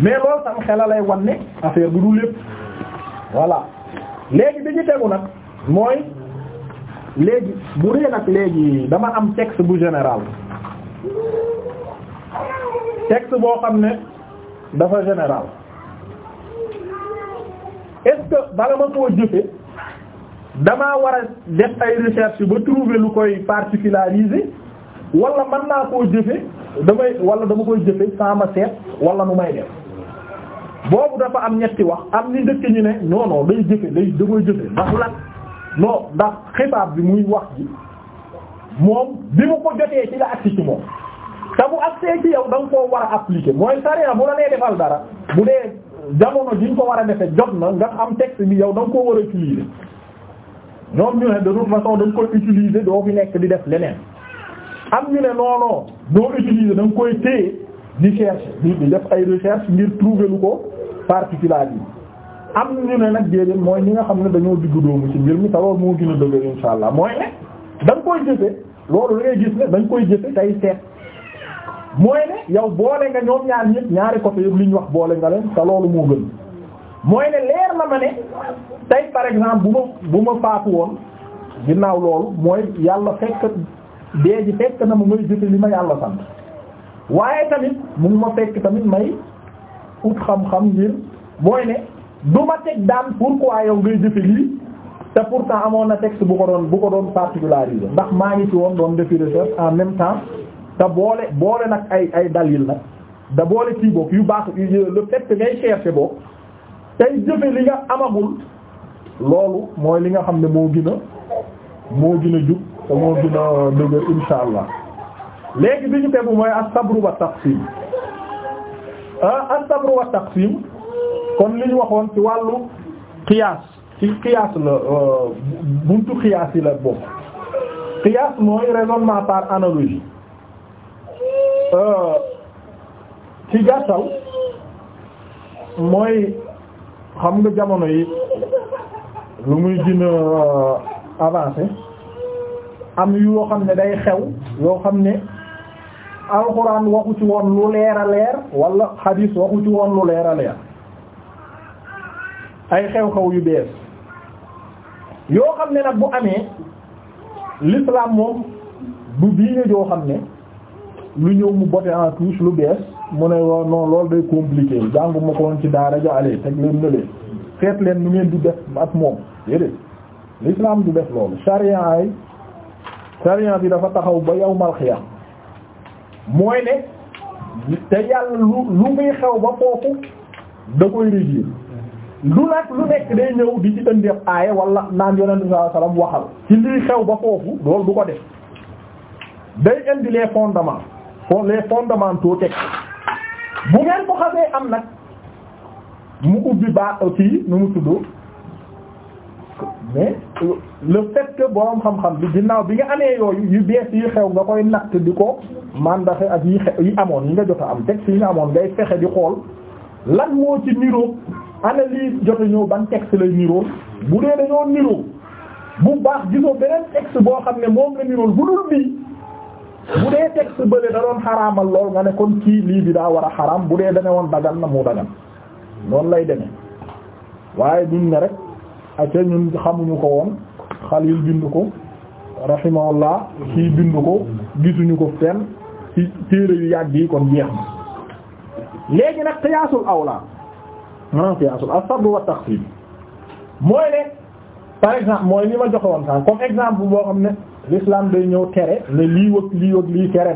mais loolu sam xela lay wan ne affaire du lépp voilà léegi bi ñu tegu nag mooy léegi bu rée nag léegi dama am texte bu général texte boo xam ne dafa général est-ce que bala ma koo jëfe damaa war a def ay recherche ba trouver lu koy particularisé wala man naa koo jëfe damay wala dama koy jëfe sans ma seet wala nu may def boobu dafa am ñetti wax am ni njëkk ñu ne non non day jëfe day da jëfe ndax lan non ndax xibaar bi muy wax ji moom bi mu ko jotee ci la agsi ci moom te bu agsee ci yow da nga koo war a appliquer mooy sariya bu la nee defal dara bu dee jamono jiñ ko war a defe jot na nga am texte bi yow da koo war a utiliser ñoom ñu ne de toute façon da nga koy utiliser doo fi nekk di def leneen am ñu ne non non doo utiliser da nga koy téye di chercher ay recherche ngir trouver ko particulier yi am ñu ne nag déedéet mooy ñi nga xam ne dañoo diggu doomu ci mbir mi te loolu moo gën a dëgër mooy ne da nga koy jëfe loolu da gis ne da koy jëfe tey seet mooy ne yow boole nga ñoom ñaar ñëpp ñaari côté yëpp li ñu wax boole nga leen te loolu moo gën mooy ne leer na ma ne tey par exemple bu ma bu ma faatu woon ginnaaw loolu mooy yàlla fekk dee ji fekk na ma may jëfe li ma yàlla sant waaye tamit mu ma fekk tamit may ut xam-xam ngir mooy ne du ma teg daan pourquoi yow ngay jëfe lii te pourtant amoon na texte bu ko doon bu ko doon particularisé ndax maa ngi ci woon doon defi recherche en même temps te boole boole nag ay ay dalil nag da boole kii yu baax yu fait que ngay chercher boog tey jëfe li nga amagul loolu mooy li nga xam ne moo gën moo gën a jub te moo gën dëgër insha allah léegi bi ñu tegu mooy as-sabru wa taqsim ah as-sabru wa kon li ñu waxoon ci wàllu qiyaas ci qiyaas la euh, buntu qiyaas yi la bokk qiyaas mooy raisonnement par analogie euh, ci gàttal mooy xam nga jamono yi lu muy jin a euh, am yoo xam ne day xew yoo xam ne alxuraan waxu ci woon lu leer a leer wala xadiis ci woon lu leer a ay xew-xew yu bees yoo xam ne nag bu amee l'islam moom du diine joo xam ne lu ñëw mu bote en touche lu bees mu ne waaw non loolu day compliqué jàngu ma ko ci daara ja ale teg leen na leen seet leen nu ngeen di def ak moom déedéet l'islam du def loolu charia ay charia bi dafa taxaw ba yawmal xiyaam mooy ne te yàlla lu lu muy xew ba foofu da koy régir lu nag lu nekk day ñëw di ci indi aaye wala naan yonente sallallahu alayhi wasallam waxal ci lii xew ba foofu loolu du ko def day indi les fondements fon les teg bu ngeen ko xamee am nag mu ubbi baax fii euh, nu mu tudd mais euh, le boroom que borom xam-xam bi ginnaaw bi nga amee yooyu yu bees yi xew nga koy natt di ko mandaxe ak yi xew yi amoon yi nga jot am teg yi nga amoon ngay fexe di xool lan moo ci niroo ana lii jot ban texte lay niroo bu dee dañoo niroo bu baax gisoo beneen texte boo xam ne moom la nirool bu dul bii bu dee texte bële da doon xaraamal lool nga ne kon kii lii bi daa war a xaraam bu dee dane woon dagan na mu dagan noonu lay deme waaye duñ ne rek aca ñun xamuñu ko woon xalil bind ko rahimahullah kii bind ko gisuñu ko fenn ci téere yu yàgg yi kon jeex na léegi nag qiyaasul awla manfiasul as-sabr wa taqsim mooy ne par exemple mooy li ma joxoon sax comme exemple boo xam ne l'islam day ñëw tere ne lii wëg lii wëg lii tere